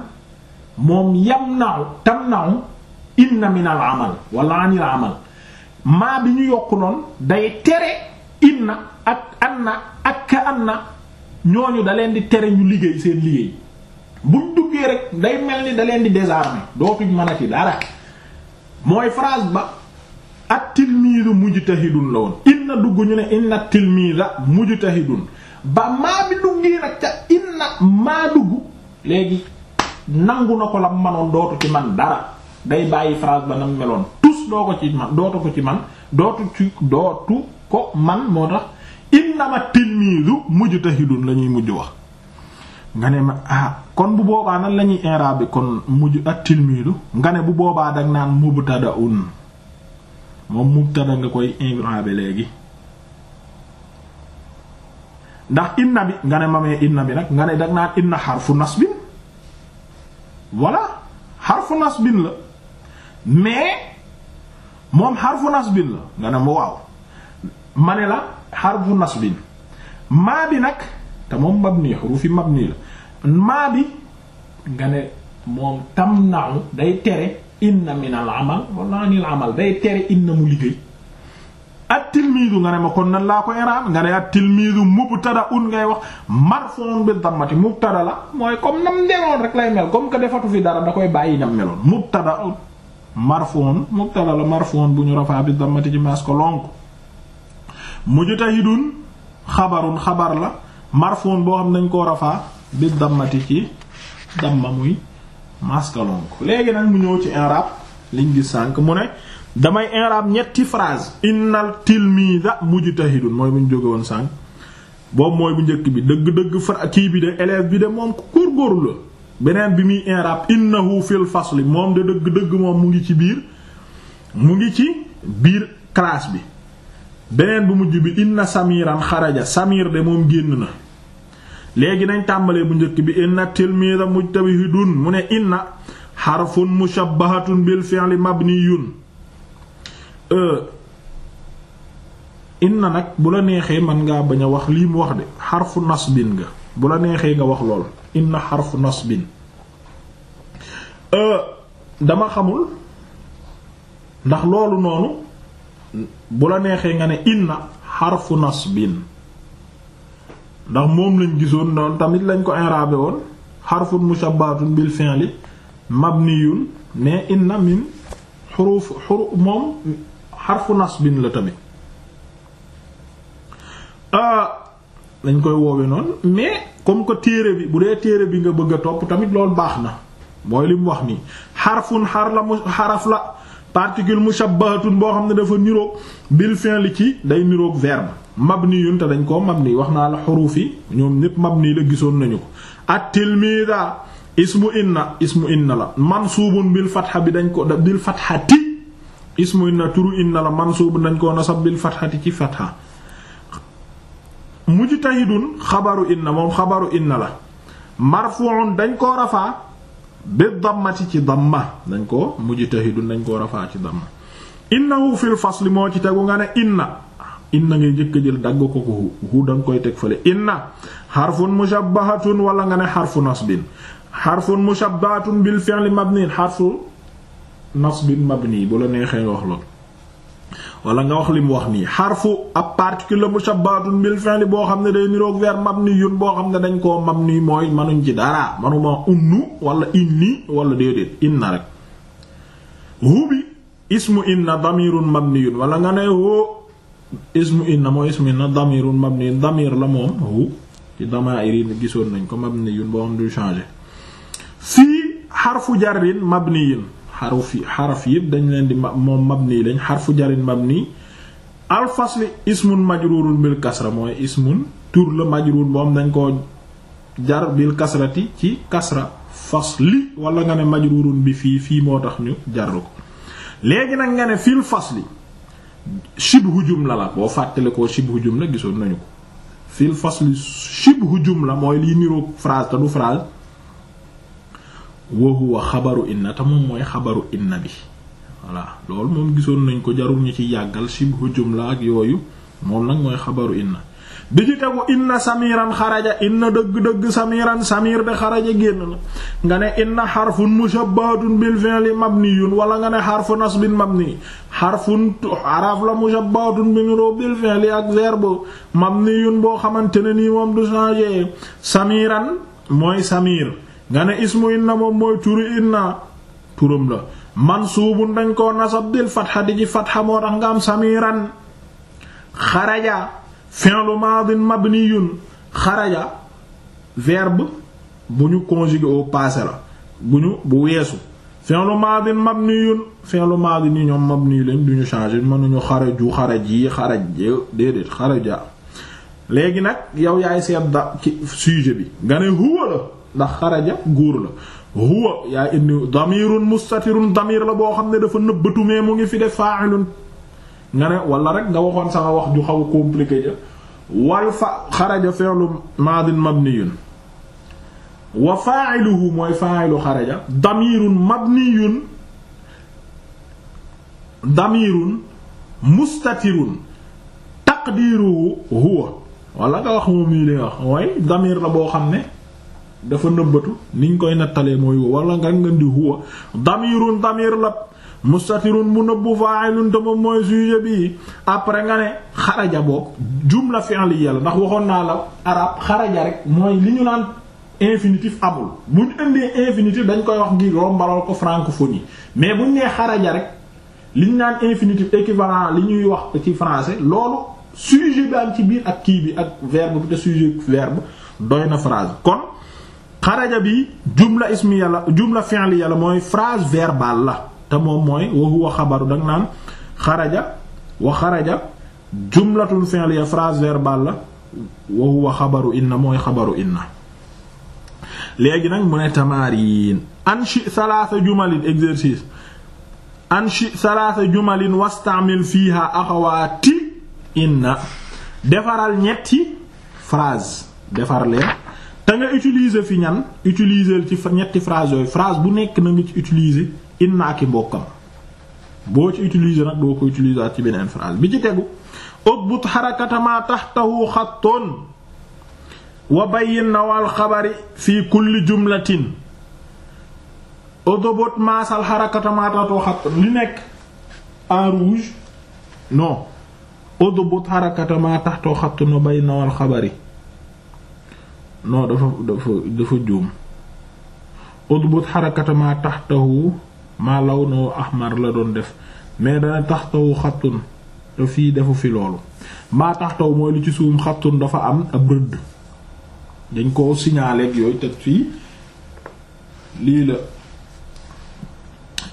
moom yam naaw tam naaw inna min al amal wala anil amal maa bi ñu yokk noonu day tere inna ak anna ak ka anna ñooñu da leen di tere ñu liggéey seen liggéey buñ duggee rek day mel ni da leen di désarmer dootuñ mënati dara mooy phrase ba at tilmiidu mujtahidun la woon inna dugg ñu ne inna tilmiida mujtahidun ba maa bi duggee nag ca inna maa dugg léegi nangu na ko la manoon dootu ci man dara day bàyyi phrase ba nam meloon tous doo ko ci man dootu ci dootu ci ko man moo tax innama tilmizu mujtahidun la ñuy mujj wax nga ne ma ah kon bu boobaa nan lañuy ñuy i'rab bi kon mujj ak tilmidu nga ne bu boobaa dag naan mubtada'un moom mubtada nga koy i'rab léegi ndax na bi nga ne ma mee inna bi nag nga ne dag naan inna xarfu nasbin voilà xarfu bin la mais moom xarfu nasbin la nga ne ma waaw ma ne la xarfu nasbin maa bi nag te moom mabni xurufi mabni la maa bi nga tam naaw tamna'u day tere inna min al amal wala anil amal day tere inna mu liggéey at-tilmiidu nga ne ma kon nan laa ko i'raab nga ne at-tilmiidu mubtada'un ngay wax marfu'un bi dammati mubtada la mooy comme nam meloon rek lay mel comme que defatu fi dara da koy bàyyi nam meloon mubtada'un marfoon mu la marfoon bu ñu rafaa bi damati ci maas ko lonk mujtahidun xabarun xabar la marfoon boo xam nañ koo rafaa bi damati ci damma muy maas ko lonk léegi nag mu ñëw ci i'rab liñ gis sànk mu ne damay i'rab ñetti phrase innal tilmiza mujtahidun mooy bu ñu jóge woon sànk boobu mooy bu njëkk bi dëgg dëgg fra kii bi de élève bi de moom ku góorgóorlu la beneen bi muy inrab innahu fil fasli moom de dëgg dëgg moom mu ngi ci biir mu ngi ci biir classe bi beneen bu mujj bi inna samiram xaraja samir de moom génn na léegi nañ tàmbalee bu njëkk bi inna tilmida mujtahidun mu ne inna xarfun mushabbahatun bil fi'li mabniyun inna nag bu la neexee mën ngaa bañ a wax lii mu wax de xarfu nasbin nga bu la neexee nga wax lool inna xarfu nasbin Euh, dama xamul ndax loolu noonu bu la neexee nga ne inna xarfu nasbin ndax moom lañ gisoon noonu tamit lañ ko inrabe woon xarfun mushabbatun bil fi'li mabniyun mais inna min xuruf xuru moom xarfu nasbin la tamit ah, lañ koy woowe noonu mais comme que téere bi bu dee téere bi nga bëgg a topp tamit loolu baax na mooy li mu wax nii xarfun xar la mu xaraf la particule mushabbahatun boo xam ne dafa niroog bil fi'li ci day niroog verbe mabniyun te dañ koo mabni wax naa la xuruuf yi ñoom ñépp nii la gisoon nañu ko at-tilmida ismu inna ismu inna la mansuubun bil fatha bi dañ ko bil fathati ismu inna turu inna la mansuubun dañ koo nasab bil fathati ci fatha mujtahidun xabaru inna moom xabaru inna la marfu'un dañ koo rafaa bi dammati ci damma dañ ko mujj mujtahidu nañ ko rafaa ci damma innahu fil fasli moo ci tegu nga ne inna inna ngay njëkk jël dagg ko ko hu danga koy teg fële inna xarfun mushabbahatun wala nga ne xarfu nasbin xarfun mushabbahatun bil fi'li mabni xarfu nasbin mabni bu la neexee wax lool wala nga wax li mu wax nii xarfu ab particule mushabbatun bil fi'l boo xam ne day niroog verbe mabniyun boo xam ne dañ koo mabni mooy manuñ ci dara manuma unnu wala inni wala déedéet inna rek hubi ismu inna damirun mabniyun wala nga ne hu ismu inna mooy ismu inna damirun mabniyun damir la moom hu ci damaa'ir yi gisoon nañ ko mabniyun boo xam du changé fii xarfu jarrin mabniyun xaruf yi xaraf yëpp dañ leen di moom mabni lañ xarfu jarin mabni alfasli ismun majrurun bil kasra mooy ismun tur la majrur moom dañ ko jar bil kasrati ci kasra li wala nga ne majrurun bi fii fii moo tax ñu jar ko léegi nag nga ne fil fasli shibhu jumla la boo fàttale koo shibhu jumla gisoon nañu ko fil fasli shibhu la mooy liy niroog phrase te du phrase wa huwa xabaru inna te moom mooy xabaru inna bi voilà loolu moom gisoon nañ ko jarul ñu ci yàggal shibhu jumla ak yooyu moom nag mooy xabaru inna bi ci tegu inna samiran xaraja inna dëgg-dëgg samiran samir de xaraja génn na nga ne inna xarfun mushabbahatun mab fi'li mabniyun wala nga ne xarfu mab mabni xarfun xaraf la mushabbahatun bi niroo bil fi'li ak verbe mabniyun boo xamante ne nii moom du changer samiran mooy samir nga ne ismu inna moom mooy turu inna turam la mansuubun dañ koo nasab bil fatxa di ci fatxa moo tax nga am samiran xaraja fi'lu maadin mabniyun xaraja verbe bu ñu conjugué au passé la bu ñu bu weesu fi'lu maadin mabniyun fi'lu maadin yi ñoom mabni lañ duñu changer mënuñu xaraju xaraj yi xaraj déedéet xaraja léegi nag yow yaay seet da ci sujet bi nga ne huwa la ndax xaraja góor la huwa yaa indi damirun mustatirun damir la boo xam ne dafa nëbbatu mais mu ngi fi def fa'ilun nga ne waxoon sama wax ju xaw compliqué ja wal fa xaraja fi'lu madin mabniyun wa fa'iluhu mooy fa'ilu xaraja damirun mabniyun damirun mustatirun taqdiruhu huwa wala nga wax moom mii li nga mooy damir la boo xam ne dafa nëbbatu niñ koy nattalee mooy wala nga nga di huwa damirun damir la mustatirun mu nëbbu fa'ilun te moom mooy sujet bi après nga ne xaraja boog jumla fi'liya la ndax waxoon naa la arab xaraja rek mooy li ñu naan infinitif amul buñ indi infinitif dañ koy wax ngir rombalal ko francophonie mais buñ nee xaraja rek liñ naan infinitif équivalent li ñuy wax ci français loolu sujet bi am ci biir ak kii bi ak verbe bi te sujet xaraja bi jumla ismiya la jumla fi'liya la mooy phrase verbale la te moom mooy wa xabaru danga naan xaraja wa xaraja jumlatun fi'liya phrase verbale la wa xabaru inna mooy xabaru inna léegi nag mu ne tamarin anshi salaasa jumalin exercice anshi salaasa jumalin wastamil fiha axawaati inna defaral ñetti phrase defar leen te nga utiliser fi ñan utiliser ci ñetti phrase yooyu phrase bu nekk na nga ci utiliser inna ak mbokkam boo ci utiliser nag doo ko utiliser ci beneen phrase bi ci tegu udbut xarakata ma taxtahu xattoon wa bayyin nawal xabari fi kulli jumlatin udbut maasal xarakata ma taxtahu xattoon li nekk en rouge non udbut xarakata ma taxtahu xattoon wa bayyin nawal xabari non dafa dafa dafa juum udbut xarakata ma taxtahu ma lawnu ahmar la doon def mais dana taxtahu xattun te fii defu fi loolu maa taxtahu mooy lu ci suum xattun dafa am ab rëdd dañ ko signaler yooyu te fii lii la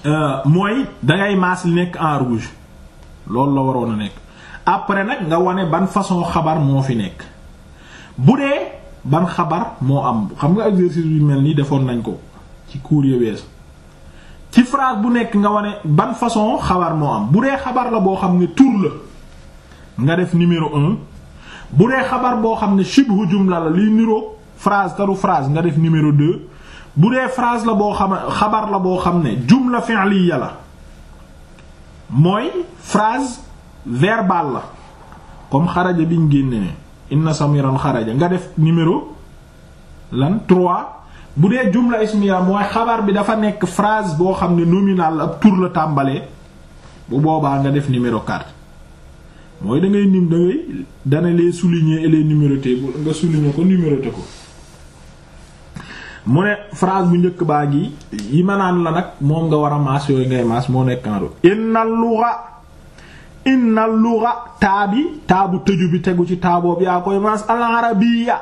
euh, mooy dangay maas li nekk en rouge loolu la waroon a nekk après nag nga wane ban façon xabar moo fi nekk bu dee ban xabar moo am xam nga exercice bi mel nii defoon nañ ko ci cours weesu ci phrase bu nekk nga wane ban façon xabar moo am bu dee xabar la boo xam ne tur la nga def numéro un bu dee xabar boo xam ne shibhu jumla la liy niroo phrase taru frase nga def numéro deux bu dee frase la boo xam la boo xam ne jumla fi'liya la mooy phrase verbale la comme xaraja biñ génnee inna samiran xaraja nga def numéro lan 3 bu dee jumla ismiya mooy xabaar bi dafa nekk frase boo xam ne nominal ab tur la tàmbalee bu boobaa nga def numéro 4 mooy da ngay nim da ngay dana les souligner et les numéroter nga souligner ko numéroter ko mu ne phrase bu njëkk baa ngi yi ma naan la nag moom nga war a maas yooyu ngay maas moo nekk en route inna lugha inna lugha taabi taabu tëju bi tegu ci taaboob yaa koy maas al arabiyya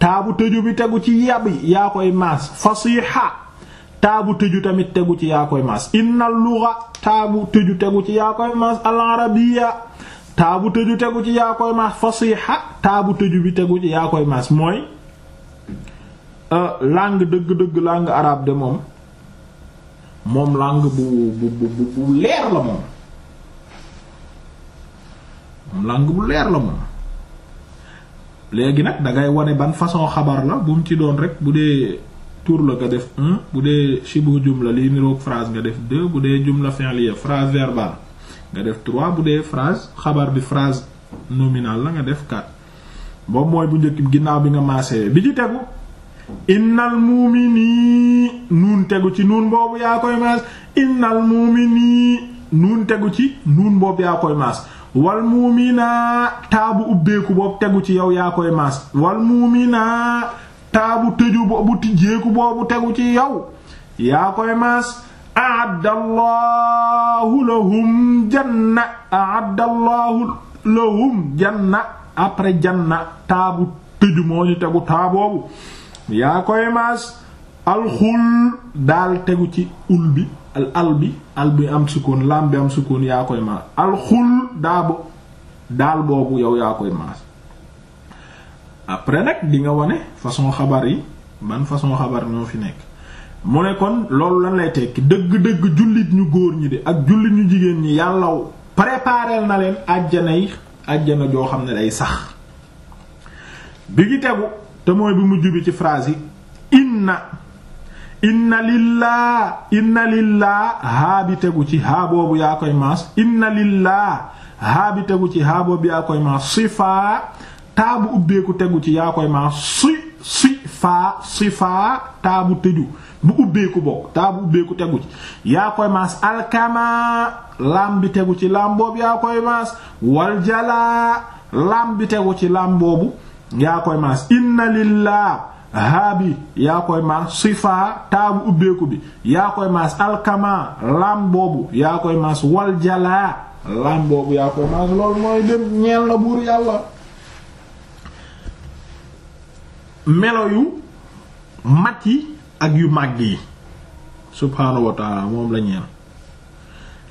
taabu tëju bi tegu ci yabi yaa koy maas fasiha taabu tëju tamit tegu ci yaa koy maas inna lugha taabu tëju tegu ci yaa koy taabu tëju tegu ci yaa koy maas fasiha taabu tëju bi tegu ci yaa koy maas mooy euh, langue dëgg-dëgg langue arabe de moom moom langue bu bu bu bu leer la moom moom làng bu leer la moom léegi nag dangay wane ban façon xabar la bu mu ci doon rek bu dee tour la nga def un bu dee shibu jumla li niroog phrase nga def deux bu dee jumla fi'liya phrase verbale nga def trois bu dee phrase xabar bi phrase nominale la nga def kat boobu mooy bu njëkk ginnaaw bi nga maasee bi ci tegu innal muumini nuun tegu ci nuun boobu yaa koy maas innal muumini nuun tegu ci nuun boobu yaa koy maas wal muuminaa taabu ubbeeku boobu tegu ci yow yaa koy maas wal muuminaa taabu tëju bu tijjeeku boobu tegu ci yow yaa koy maas ahaddallahu lahum janna ahaddallahu lahum janna après janna taabu tëju moo ñu tegu taaboobu yaa maas alxul daal tegu ci ul bi al al bi al bi am sukkoon lam bi am sukkoon yaa koy maas alxul daa daal boobu yow yaa koy maas après nag di nga wane façon xabar yi ban façon xabar ñoo fi nekk mu ne kon loolu lan lay tekki dëgg-dëgg jullit ñu góor ñi di ak jullit ñu jigéen ñi yàlla prépareel na leen àjjana yi àjjana joo xam ne day sax bi gi tegu te mooy bi mujj bi ci phrase yi inna inna lillaa inna lillaa haa bi tegu ci haa boobu yaa koy maas inna lillaa haa bi tegu ci haa boobu yaa koy maas sifaa taabu ubbeeku tegu ci yaa koy maas si si faa si faa taabu tëju bu ubbeeku bokk taabu ubbeeku tegu ci yaa koy maas alkamaa laam bi tegu ci laam boobu yaa koy maas waljalaa laam bi tegu ci laam boobu yaa koy maas inna lillaa haa bi yaa koy maas sifaa taabu ubbeeku bi yaa koy maas alkamaa lam boobu yaa koy maas waljalaa lam boobu yaa koy maas loolu mooy dem ñeel na buur yàlla melo yu mat yi ak yu màgg yi subhaanahu moom la ñeel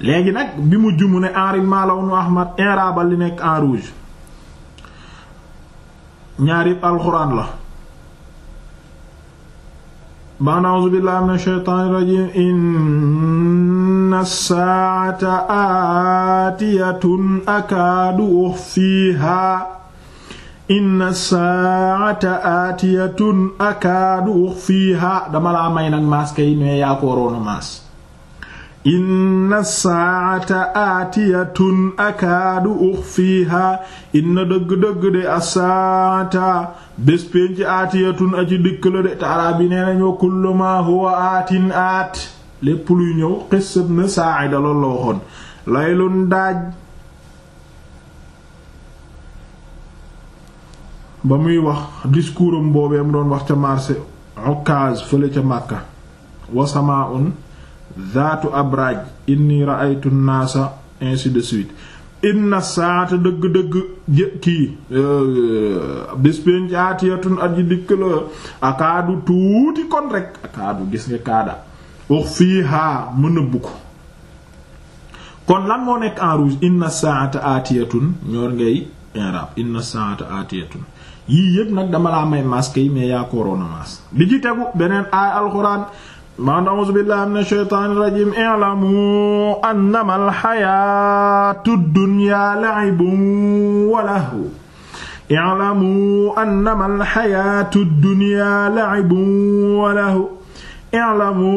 léegi nag bi mu jumu ne enrib maalaw nu ahmad inraabal li nekk en rouge ñaari alxuraan la baan a'uuzu billaahi mina shaytaani rajiim inna saa'ata aatiyatun akaadu ukhfiihaa inna saa'ata aatiyatun akaadu ukhfiihaa dama laa may nag maas kay ne yaa ko waroon a maas inna saacata aatiyatun akaadu uxfiihaa inna dëgg-dëgg de asaata bés pénc aatiyatun aci dikk la de te yi nee nañ wa kullu aatin aat lépp luy ñëw xisab na saacida la waxoon laylun daaj ba muy wax discours am boobeem doon wax ca marché Okaz fële ca Màkka wa samaa un zaatu abraj inni ra'aytu naasa ainsi de suite inna saata dëgg-dëgg jë kii euh, bispeen aatiyatun aji dikk la akaadu tuuti kon rek akaadu gis nga kaada wax fii haa mën a bugg kon lan moo nekk en rouge inna saata aatiyatun ñor ngay inrab inna saata aatiyatun yii yépp nag dama laa may masque yi mais yaa ko waroon a masque tegu beneen aay alxuraan man a'uuzu billahi mina shaytaani rajiim i'lamu annama al-hayaatu ad-dunyaa la'ibun wa lahw i'lamu annama al-hayaatu ad-dunyaa la'ibun wa lahw i'lamu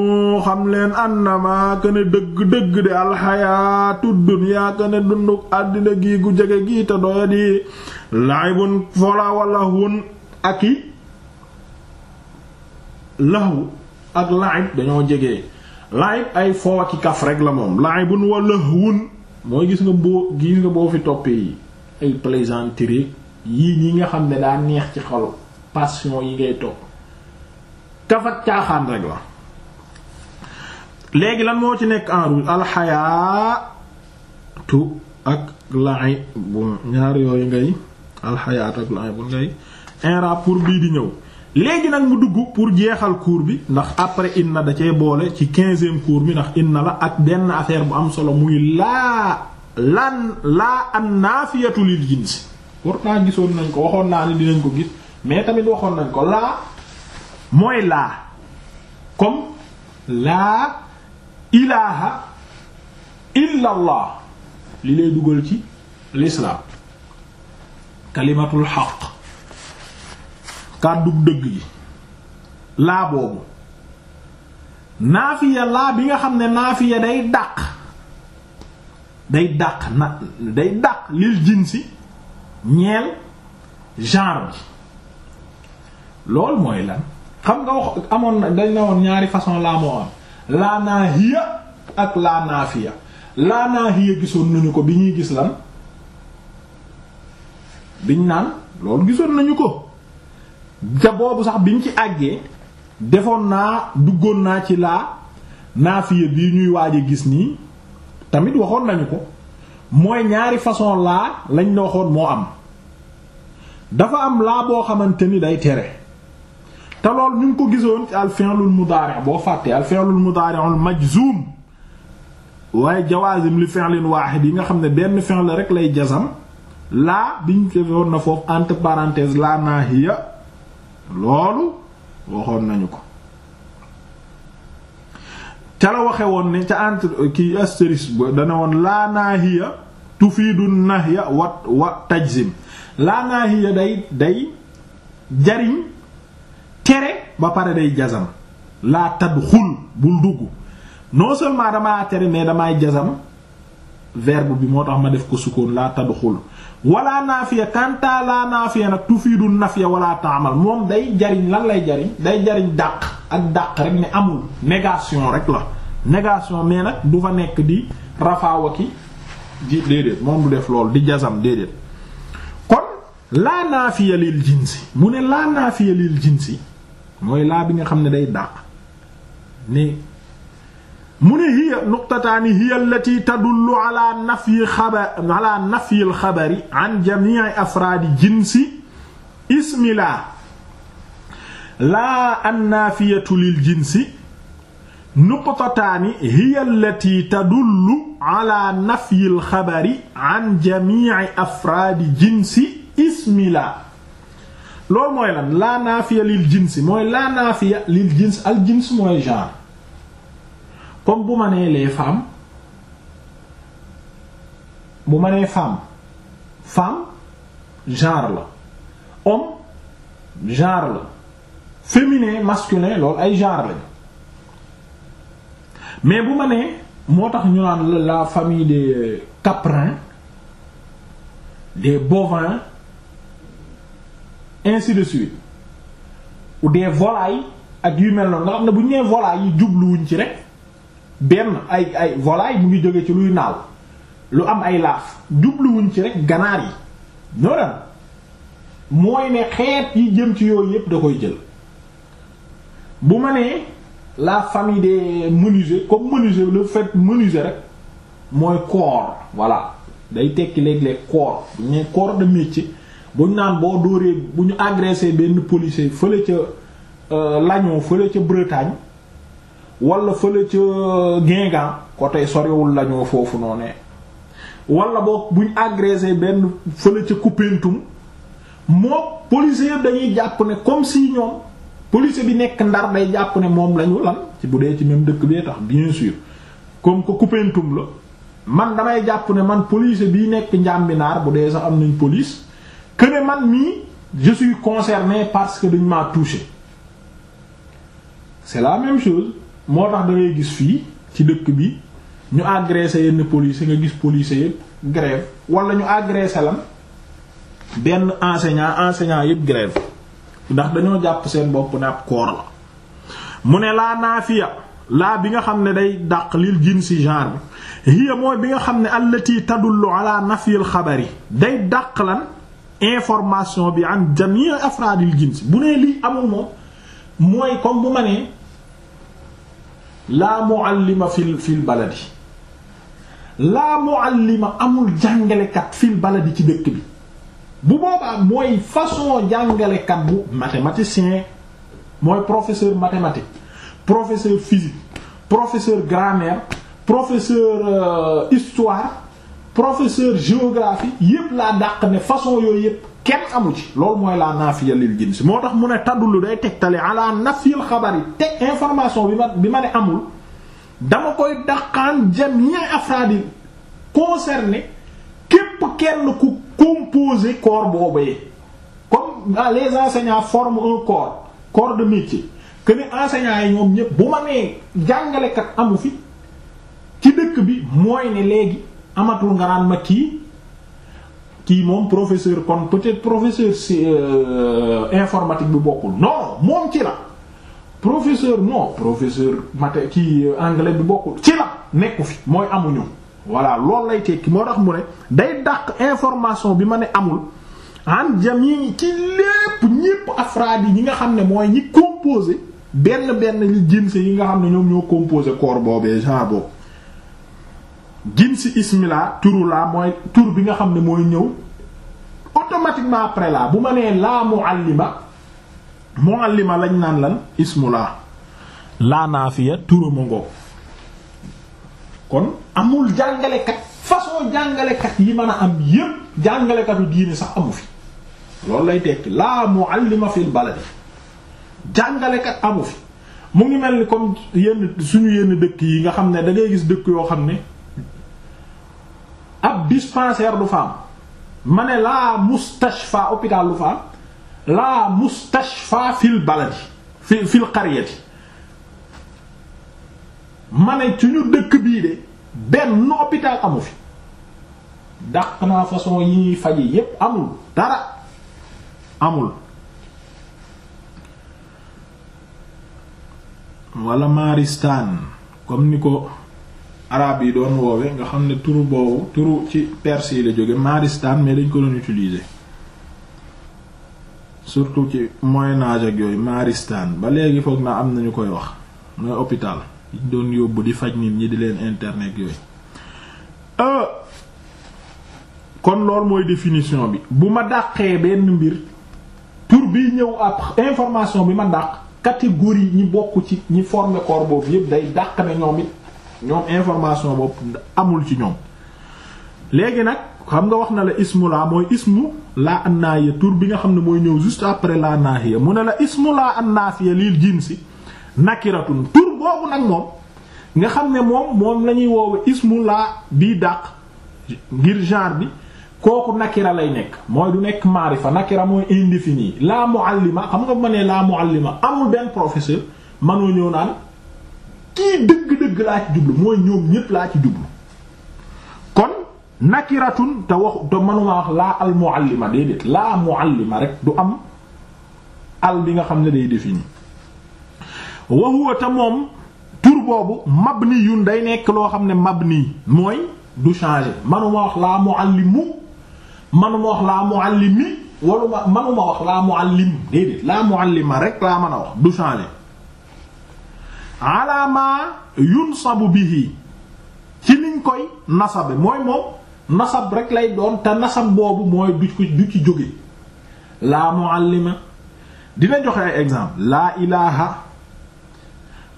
xam leen annama kana dëgg-dëgg de al-hayaatu ad-dunyaa kana dundu àddina gi gu jege gi te doya di la'ibun fola wa lahwun aki lahw ak laib dañoo jege laib ay foo ak kaf rek la moom laibun wa lahwun mooy gis nga boo gis nga boo fi toppee yi ay plaisanterie yii ñi nga xam ne daa neex ci xol passion yi ngay topp kaf ak caaxaan rek la léegi lan moo ci nekk en rouge alxayaatu ak laib bu ñaar yooyu ngay alxayaatu ak laib bu ngay inra bii di ñëw léegi nag mu dugg pour jeexal cours bi ndax après inna da cee boole ci quinzième cours bi ndax inna la ak benn affaire bu am solo muy laa lan laa an naafiyatu lil jins war naa gisoon nañ ko waxoon naa ni dinañ ko gis mais tamit waxoon nañ ko laa mooy laa comme laa ilaha illa allah li lay dugal ci l'islam kalimatul haqq kàddu dëgg gi laa boobu naafiya laa bi nga xam ne naafiya day dàq day dàq na day dàq lil jinsi ñeel genre bi loolu mooy lan xam nga wax amoon dañ ne woon ñaari façon laa moo am laa naahiya ak laa naafiya laa naahiya gisoon nañu ko bi ñuy gis lan biñ naan loolu gisoon nañu ko te boobu sax biñ ci àggee defoon naa duggoon naa ci laa naafiya bii ñuy waaj a gis nii tamit waxoon nañu ko mooy ñaari façon laa lañ la waxoon moo am dafa am laa boo xamante ni day tere te lool ñu ngi ko gisoon ci al fi'lul mudaari' boo fàttee al fi'lul mudaari'ul majzuum waaye jawaazim li fi'lin waahid yi nga xam ne benn fi'l rek lay jazam laa biñ defoon na foofu entre parenthèses laa naahiya loolu waxoon nañu ko ca la waxe woon ni ca entre ki astérisque ba dana woon laa naahiya tufiidu nahya wa wa tajzim laa naahiya day day jariñ tere ba pare day jasam laa tadxul bul dugg noo seulement damaa tere mais damay jazam verbe bi moo tax ma def ko sukkoon laa tadxul wala naafiya kanta laa naafiya nag tufiidu nafya wala taamal moom day jariñ lan lay jariñ day jariñ dàq ak dàq rek ne amul négation rek la négation mais nag du fa nekk di rafaawa ki di déedéet moom du def lool di jasam déedéet kon laa naafiya lil jinsi mu ne laa naafiya lil jinsi mooy laa bi nga xam ne day dàq ne mu ne hiya nuqtataani hiya allati tadullu ala nafyi xabar ala nafyi alxabari an jamii afraadi jinsi ismi laa laa annafiyatu lil jinsi nuqtataani hiya allati tadullu ala nafyi alxabari an jamii afraadi jinsi ismi laa loolu mooy lan laa naafiya lil jinsi mooy laa naafiya lil jins al jins mooy genre comme bu ma nee les femmes bu ma nee femme femme genre la homme genre la féminin masculin loolu ay genre lañu mais bu ma nee moo tax ñu naan la la famille des euh, caprins des bovins ainsi de suite ou des ak yu mel noonu nga xam ne bu ñu nee volailles yi jubluwuñ ci rek. benn ay ay volaille mu ngi jóge ci luy naaw lu am ay laaf jubluwuñ ci rek ganaar yi ñoo dem mooy ne xeet yi jëm ci yooyu yépp da koy jël bu ma nee la famille des menuisiers comme menuisier le fait menuisier rek mooy corps voilà day tekki léeg-léeg corps bu ñu corps buñ naan boo dóoree bu ñu agressé benn policier fële ca euh, Lannion fële ca Bretagne wala fële ca Guingamp côté soriwul lañu foofu noonee wala boog buñ agressé benn fële ca Koupentoum moo policier dañuy jàpp ne comme si ñoom policier bi nekk Ndar day jàpp ne moom lañu lan ci bu dee ci même dëkk bee tax bien sûr comme que Koupentoum la man damay jàpp ne man policier bi nekk Njàmbinaar bu dee sax am nañ police que man mii je suis concerné parce que dañ maa touché la même moo tax dangay gis fii ci dëkk bi ñu agressé yenn policiers nga gis policiers yëpp grève wala ñu agressé lan benn enseignant enseignant yëpp grève ndax dañoo jàpp seen bopp ne ab koor la mu ne laa naafiya laa bi nga xam ne day dàq lil jinsi genre bi hiya mooy bi nga xam ne allati tadullu ala xabar yi day dàq lan information bi an jamii afraadil jinsi bu ne lii amul moom mooy comme bu ma nee laa muallima fil fil baladi laa muallima amul jàngalekat fil baladi ci dëkk bi bu boobaa mooy façon jàngalekat bu mathématicien mooy professeur mathématique professeur physique professeur grammaire professeur euh, histoire professeur géographie yépp laa dàq ne façon yooyu yépp kenn amu ci loolu mooy laa naafiya lil jins moo tax mu ne taddulu day tegtale ala nafyil xabar yi te information bi ma bi ma ne amul dama koy dàqaan jamii afraadi concerné képp kenn ku composé corps boobu comme les enseignants forment un corps corps de métier que ne enseignants yi ñoom ñépp bu ma nee jàngalekat amu fi ci dëkk bi mooy ne léegi amatul nga naan ma kii kii moom professeur kon peut-être professeur si euh, informatique bi bokkul non moom ci la professeur non professeur maté kii euh, anglais bi bokkul ci la nekku fi mooy amuñu voilà loolu lay tekki moo tax mu ne day dàq information bi ma ne amul an jami ci lépp ñépp afraad yi ñi nga xam ne mooy ñi composé benn benn li si yi nga xam ne ñoom ñoo composé corps boobee genre boobu jinsi ismila turu laa mooy tur bi nga xam ne mooy ñëw automatiquement après laa bu ma nee laa muallima muallima lañ naan lan ismula laa laa naafiya turu ma ngoog kon amul jàngalekat façon jàngalekat yi mën a am yépp jàngalekatu diine sax amu fi loolu lay tekki laa muallima fil baladi jàngalekat amu fi mu ngi mel ni comme yenn suñu yenn dëkk yi nga xam ne dangay gis dëkk yoo xam ne ab dispensaire du fa am ma ne laa mustashfa hôpital du fa am laa mustashfa fil baladi fi fil qaryati ma ne ci ñu dëkk bii de benn hôpital amu fi dàq naa façon yi ñuy faje yépp amul dara amul wala Maristan comme ni ko arab yi doon woowe nga xam ne turu boobu turu ci perse yi la jóge Maristan mais dañ ko doon utiliser surtout ci Moyen Âge ak yooyu Maristan ba léegi foog naa am nañu koy wax mooy hôpital yiñ doon yóbbu di faj nit ñi di leen internet yooyu euh, kon loolu mooy définition bi bu ma dàqee benn mbir tur bi ñëw ab information bi ma dàq catégorie ñi bokk ci ñi former corps boobu yépp day dàq ne ñoom it ñoom information boobu amul ci ñoom léegi nag xam nga wax na la ismu laa mooy ismu laa annaahiya tur bi nga xam ne mooy ñëw juste après laa naahiya mu ne la ismu laa lii lil si nakiratu tur boobu nag moom nga xam ne moom moom lañuy woowe ismu laa bii dàq ngir genre bi kooku nakira lay nekk mooy du nekk maarifa nakira mooy indéfini laa muallima xam nga ma ne laa muallima amul benn professeur mënoo ñëw naan kii dëgg-dëgg laa ci jublu mooy ñoom ñépp laa ci jublu kon nakiratun te wax te mënuma wax laa al muallima déedéet laa muallima rek du am al bi nga xam ne day défini wa huwa moom tur boobu mab mabniyun day nekk loo xam ne ni mooy du changer manuma wax laa muallimu manuma wax laa muallimi waluma manuma laa muallim rek laa mën a wax du changer ala ma bi bihi ci liñ koy nasabe mooy moom nasab rek lay doon te nasab boobu mooy du ko du ci jóge laa muallima dina joxe ay exemple laa ilaha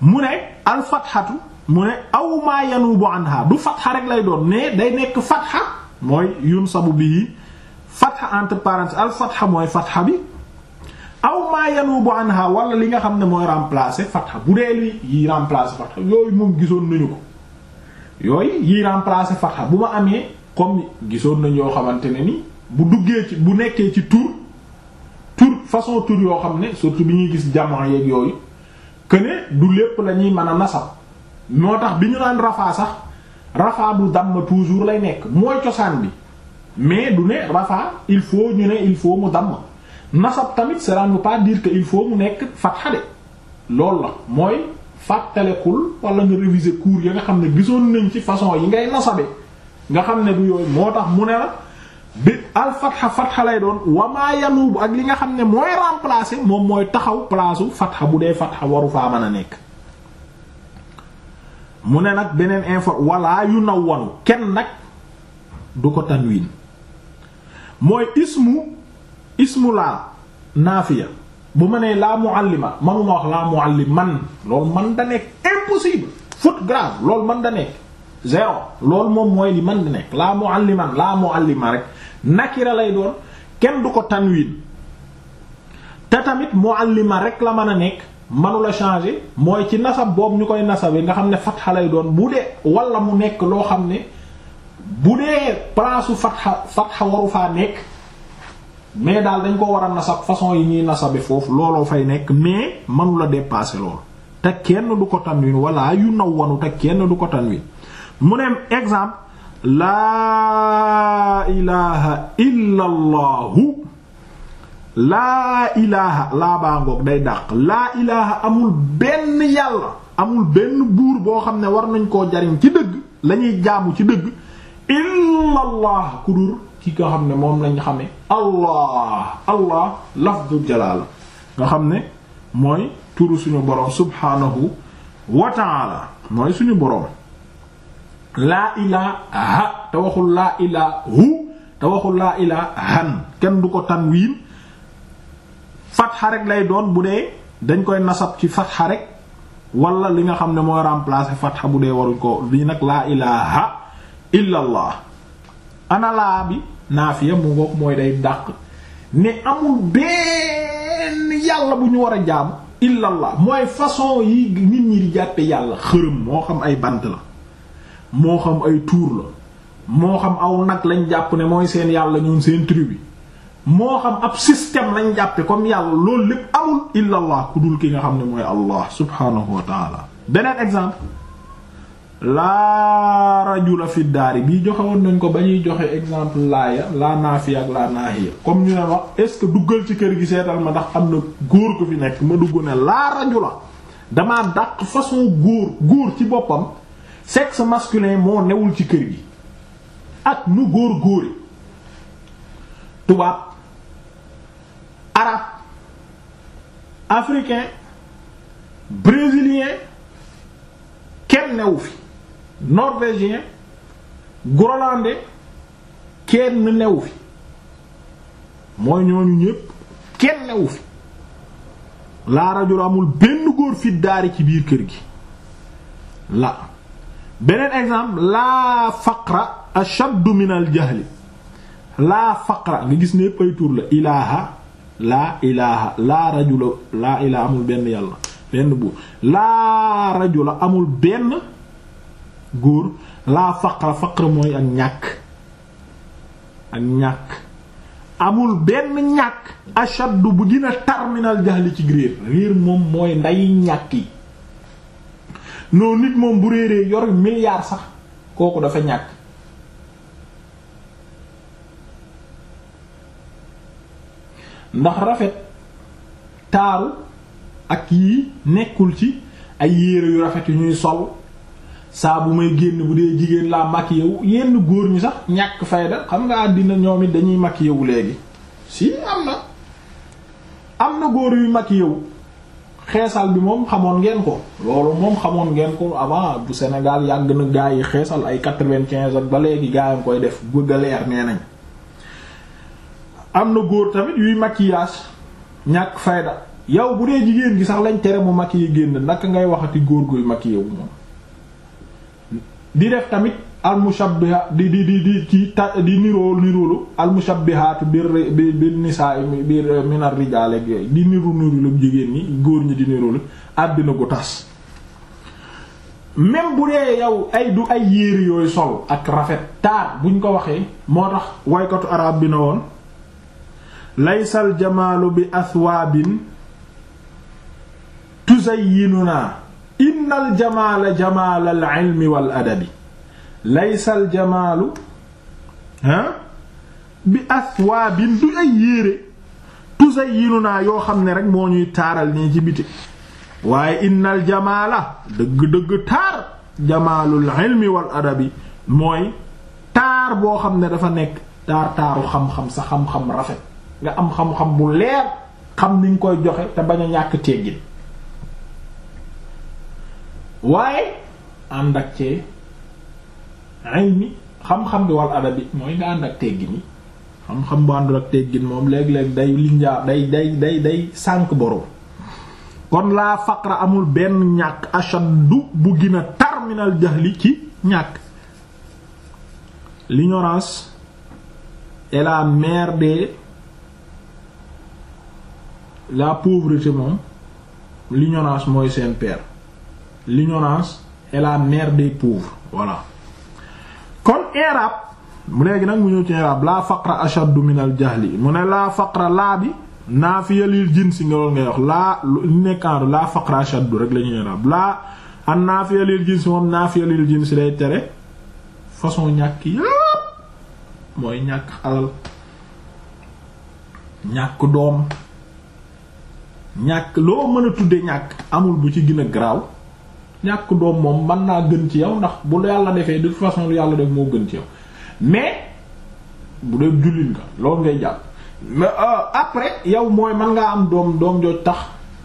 mu ne al fatxatu mu ne aw maa yanubu anha du fatxa rek lay doon mais day nekk fatxa mooy yunsabu bi fatxa entre parenthèses al fatxa mooy fatxa bi aw maa yanubu anha wala li nga xam ne mooy remplacer fatha bu dee li yi remplacer fatha yooyu moom gisoon nañu ko yooyu yi remplacer fatha bu ma amee comme gisoon nañ yoo xamante ne ni bu duggee ci bu nekkee ci tur tur façon tur yoo xam ne surtout bi ñuy gis jamono yeeg yooyu que ne du lépp la ñuy mën a nasab moo tax bi ñu naan rafaa sax rafaa du damm toujours lay nekk mooy cosaan bi mais du ne rafaa il faut ñu ne il faut mu damm. nasab tamit cela ne veut pas dire que il faut mu nekk fatha de loolu la mooy fàttalekul wala nga réviser cours ya nga xam ne gisoon nañ ci façon yi ngay nasabe nga xam ne du yooyu moo tax mu ne la bi al fatha fatha lay doon wamaa yanuubu ak li nga xam ne mooy remplacer moom mooy taxaw place u bu dee fatha waru faa mën a nekk mu ne nag beneen info wala yu naw wanu kenn nag du ko tanwin mooy ismu ismu laa naafiya bu ma nee laa muallima manuma wax laa mualliman loolu man da nekk impossible faute grave loolu man da nekk zéro loolu moom mooy li man da nekk laa mualliman laa muallima rek nakira lay doon kenn du ko tanwin te tamit muallima rek la mën a nekk manula changer mooy ci nasab boobu ñu koy nasabe nga xam ne fatxa lay doon bu dee wala mu nekk loo xam ne bu dee palaasu fatxa fatxa waru faa nekk mais daal dañ ko war a nasab façon yi ñuy nasabe foofu looloo fay nekk mais mënu la dépasser loolu te kenn du ko tanwin wala yu naw wanu te kenn du ko tanwin mu ne exemple laa ilaha illa laa baa ngoog day dàq laa ilaha amul benn yàlla amul benn buur boo xam ne war nañ koo jariñ ci dëgg lañuy jaamu ci dëgg illa allah ci nga xam ne moom lañ xamee allah allah lafdu jalaala nga xam ne mooy turu suñu boroom subhaanahu wa taala mooy suñu boroom laa ilaaha te waxul laa ilaahu te waxul laa ilaahan kenn du ko tanwiin fat xarek lay doon bu dee dañ koy nasab ci fatxa xarek wala li nga xam ne mooy remplacer fatxa bu dee waruñ ko lii nag laa ilaaha illallah ana laa bi naafiya mu ngoog mooy day dàq ne amul benn yàlla bu ñu war a jaamu illallah mooy façon yi nit ñi di jàppe yàlla xërëm moo xam ay bant la moo xam ay tuur la moo xam aw nag lañ jàpp ne mooy seen yàlla ñoom seen tribu moo xam ab système lañ jàppee comme yàlla loolu lépp amul illallah ku dul ki nga xam ne mooy allah subhanahu wa taala beneen exemple laa rajula fi daar bii joxe woon nañ ko ba ñuy joxe exemple laaya laa naafiya ak laa naahiya comme ñu ne wax est-ce que duggal ci kër gi seetal ma ndax am na góor ko fi nekk ma dugg ne laa rajula damaa dàq façon góor góor ci boppam sexe masculin moo newul ci kër gi ak nu góor góori tubaab arabe africain brésilien kenn newu fi norvégien groenlandais kenn newu fi mooy ñooñu ñépp kenn newu fi laa rajul amul benn góor fit daari ci biir kër gi la beneen exemple laa faqra ashaddu min al jahli laa faqra nga gis ne pay tur la ilaaha laa ilaaha laa rajula laa ilaaha amul benn yàlla benn buur laa rajula amul benn góor laa faqra faqra mooy ak ñàkk ak ñàkk amul benn ñàkk ashaddu bu gën a terminal ci réer réer moom mooy nday ñàkk yi noonu nit moom bu réeree yor milliard sax kooku dafa ñàkk ndax rafet taaru ak yi nekkul ci ay yére yu rafet yu ñuy sol saa bu may génn bu dee jigéen laa maquillé yenn góor ñi sax ñàkk fayda xam nga àddina ñoom it dañuy maquillé wu léegi si am na am na góor yuy maquillé wu xeesal bi moom xamoon ngeen ko loolu moom xamoon ngeen ko avant bu senegal yàgg na gaa yi xeesal ay quatre-vingt-quinze ak ba léegi gaa yi koy def bëgg a leer nee nañ am na góor tamit yuy maquillage ñàkk fayda yow bu dee jigéen gi sax lañ tere mu maquillé génn naka ngay waxati góor guy maquillé di def tamit almushabbiha di di di di di niroo niroolu almushabbihaatu biir bi biir nisaa biir minar rijaal yooyu di niru niroolu jigéen ñi góor ñi di niroolu àddina gu tas même bu dee yow ay du ay yéere yooyu sol ak rafet taar buñ ko waxee moo tax waykatu arab bi na woon laysal jamaalu bi aswaabin tuzayyinuna innal jamaala jamaalal ilmi wal adabi laysal jamaalu ah bi aswaabin du ay yéere tuzayyinu naa yoo xam ne rek moo ñuy taaral nii ci biti waaye innal jamaala dëgg-dëgg taar jamaalul ilmi wal adabi mooy taar boo xam ne dafa nekk taar taaru xam-xam sa xam-xam rafet nga am xam-xam bu leer xam ni nga koy joxe te bañ a ñàkk teggin waaye ànd ak cee ilmi xam-xam bi wal adabi mooy nga ànd ak teggin yi xam-xam bu àndul ak teggin moom léeg-léeg day linjaa day day day day sànk kon laa faqra amul benn ñàkk ashaddu bu gën a terminal jahli ci ñàkk l'ignorance est la mère de la pauvreté moom l'ignorance mooy seen père l'ignorance est la mère de pauvres voilà kon i'rab mu léegi nag mu ñëw ci i'rab laa faqra ashaddu min al jahli mu ne laa faqra laa bi naafiya lil jinsi nga loolu ngay wax laa nekkandu laa faqra ashaddu rek la ñu i'rab laa an naafiya lil jinsi moom naafiya lil jinsi day tere façon ñàkk yépp mooy ñàkk alal ñàkk doom ñàkk loo mën a tudde ñàkk amul bu ci gën a ñàkk doom moom man naa gën ci yow ndax bu yàlla defee de toute façon lu yàlla def moo gën ci yow mais bu dee jullit nga loolu ngay jàpp mais euh, après yow mooy man ngaa am doom doom jooj tax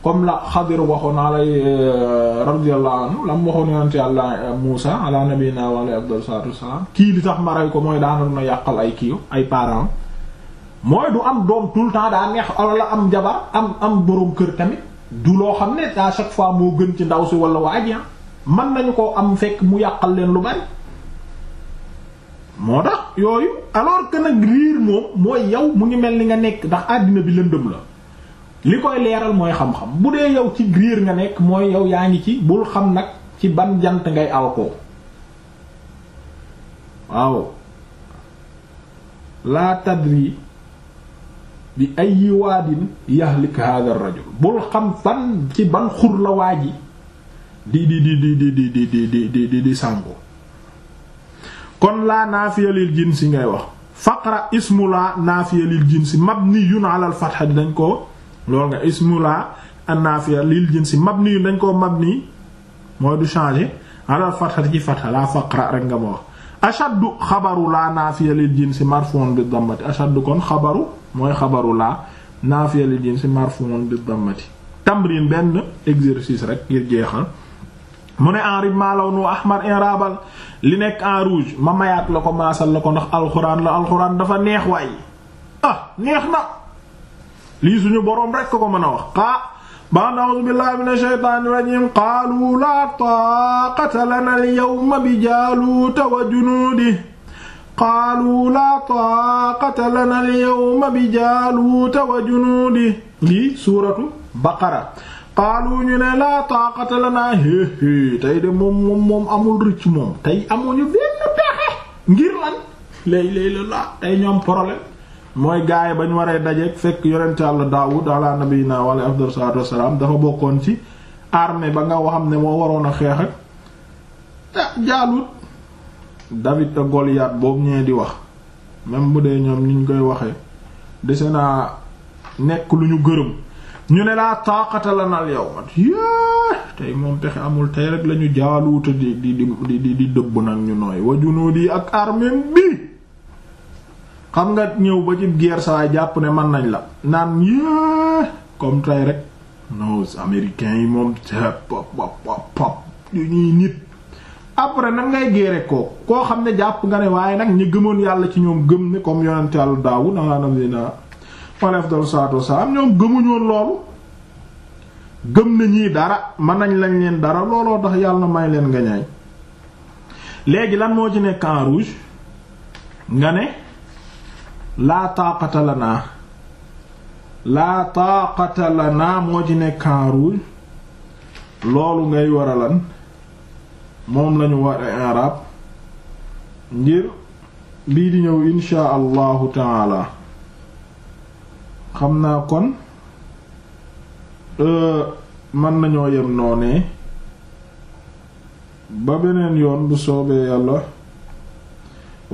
comme la Xadir waxoon alay euh, radiyallahu la mu waxoon yonent yàlla euh, Muusa ala nabiyina naa alayhi afdalu salaatu wassalaam kii li ma ko mooy daanoon na yàqal ay kii ay parents mooy du am doom tout le temps daa neex ala la am jabar am am boroom kër tamit du loo xam ne à chaque fois moo gën ci ndaw si wala waaj ah. man nañu ko am fekk mu yàqal leen lu bari moo tax yooyu alors que nag riir moom mooy yow mu ngi mel ni nga nekk ndax àddina bi lëndëm la li koy leeral mooy xam-xam bu dee yow ci riir nga nekk mooy yow yaa ngi ci bul xam nag ci ban jant ngay aw ko waaw laa tadri bi ayyi waadin yahlik hadha ar-rajul bul xam fan ci ban xur la waa ji di di di di di di di di di di kon laa naafiya lil jinsi ngay wax faqra ismu laa naafiya lil jinsi mabniyun ala al-fatha dañ ko loolu dañ ko mabni mooy du changer ala al-fatha ci fatha laa faqra rek nga ma wax ashaddu xabaru laa naafiya lil jinsi marfuun bi dammati ashaddu kon xabaru mooy xabaru laa naafiya lil jinsi marfuun bi dammati tamrin benn exercice rek ngir jeexal mu ne enrib maalaw nu ahmar inrabal li nekk en rouge ma mayaat la ko maasal la ko ndax alxuraan la alxuraan dafa neex waaye ah neex na lii suñu boroom rek ko mën a wax ba'd a'uuzu billaahi mina shaytaani rajiim qaaluu laa taaqata lanaa al-yawma bi jaaluuta wa junuudihi qaaluu laa taaqata lanaa al-yawma bi wa junuudihi lii suuratu baqara qaalu ñu laa taaqata lanaa héehée tey de moom moom amul rëcc moom tey amuñu benn pexe ngir lan mooy gaay bañ waree dajeek fekk yonent yàlla Daawud ala nabiyina wa alayhi afdalu salaatu wassalaam dafa bokkoon ci armée ba nga xam ne moo waroon a xeex ak ah, Jaalut David ak Goliath boobu ñee di wax même bu dee ñoom niñ koy waxee dese naa nekk lu ñu gërëm ñu ne laa taaqata lana al yawma tey moom pexe amul tey rek lañu Jaaluuta di di di di dëbb nag ñu nooy wa junuudi ak armée bi xam nga ñëw ba ci guerre saa jàpp ne man nañ la naan yéen comme tey rek non américains yi moom pop pop pop yu ñuy nit. après nag ngay géere koo koo xam ne jàpp nga ne waaye nag ñi gëmoon yàlla ci ñoom gëm ne comme yonent yàlla Daawuud maanaam li naa walef saato saa wasalaam ñoom gëmuñoon loolu gëm na dara mën nañ lañ leen dara looloo tax yàlla may leen nga ñaay léegi lan moo ci nekk en rouge nga ne. laa taaqata la naa laa taaqata la naa moo ci nekk en loolu ngay war a lan moom lañu war a i'rab ngir bii di ñëw inshaa allahu taala xam naa kon euh, mën nañoo yem noonee ba beneen yoon bu soobee yàlla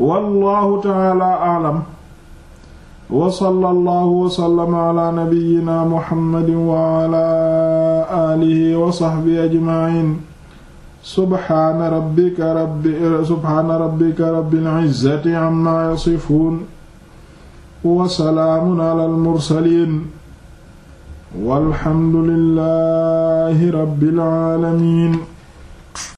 wallahu taala alam wa sallallahu wa sallama ala nabiyyina muhammadin wa ala alihi wa sahbihi ajma'in subhaana rabbika rabbi subhaana rabbika rabbil izzati amma yasifun wa salaamun alal mursaliin walhamdulillahi rabbil aalamiin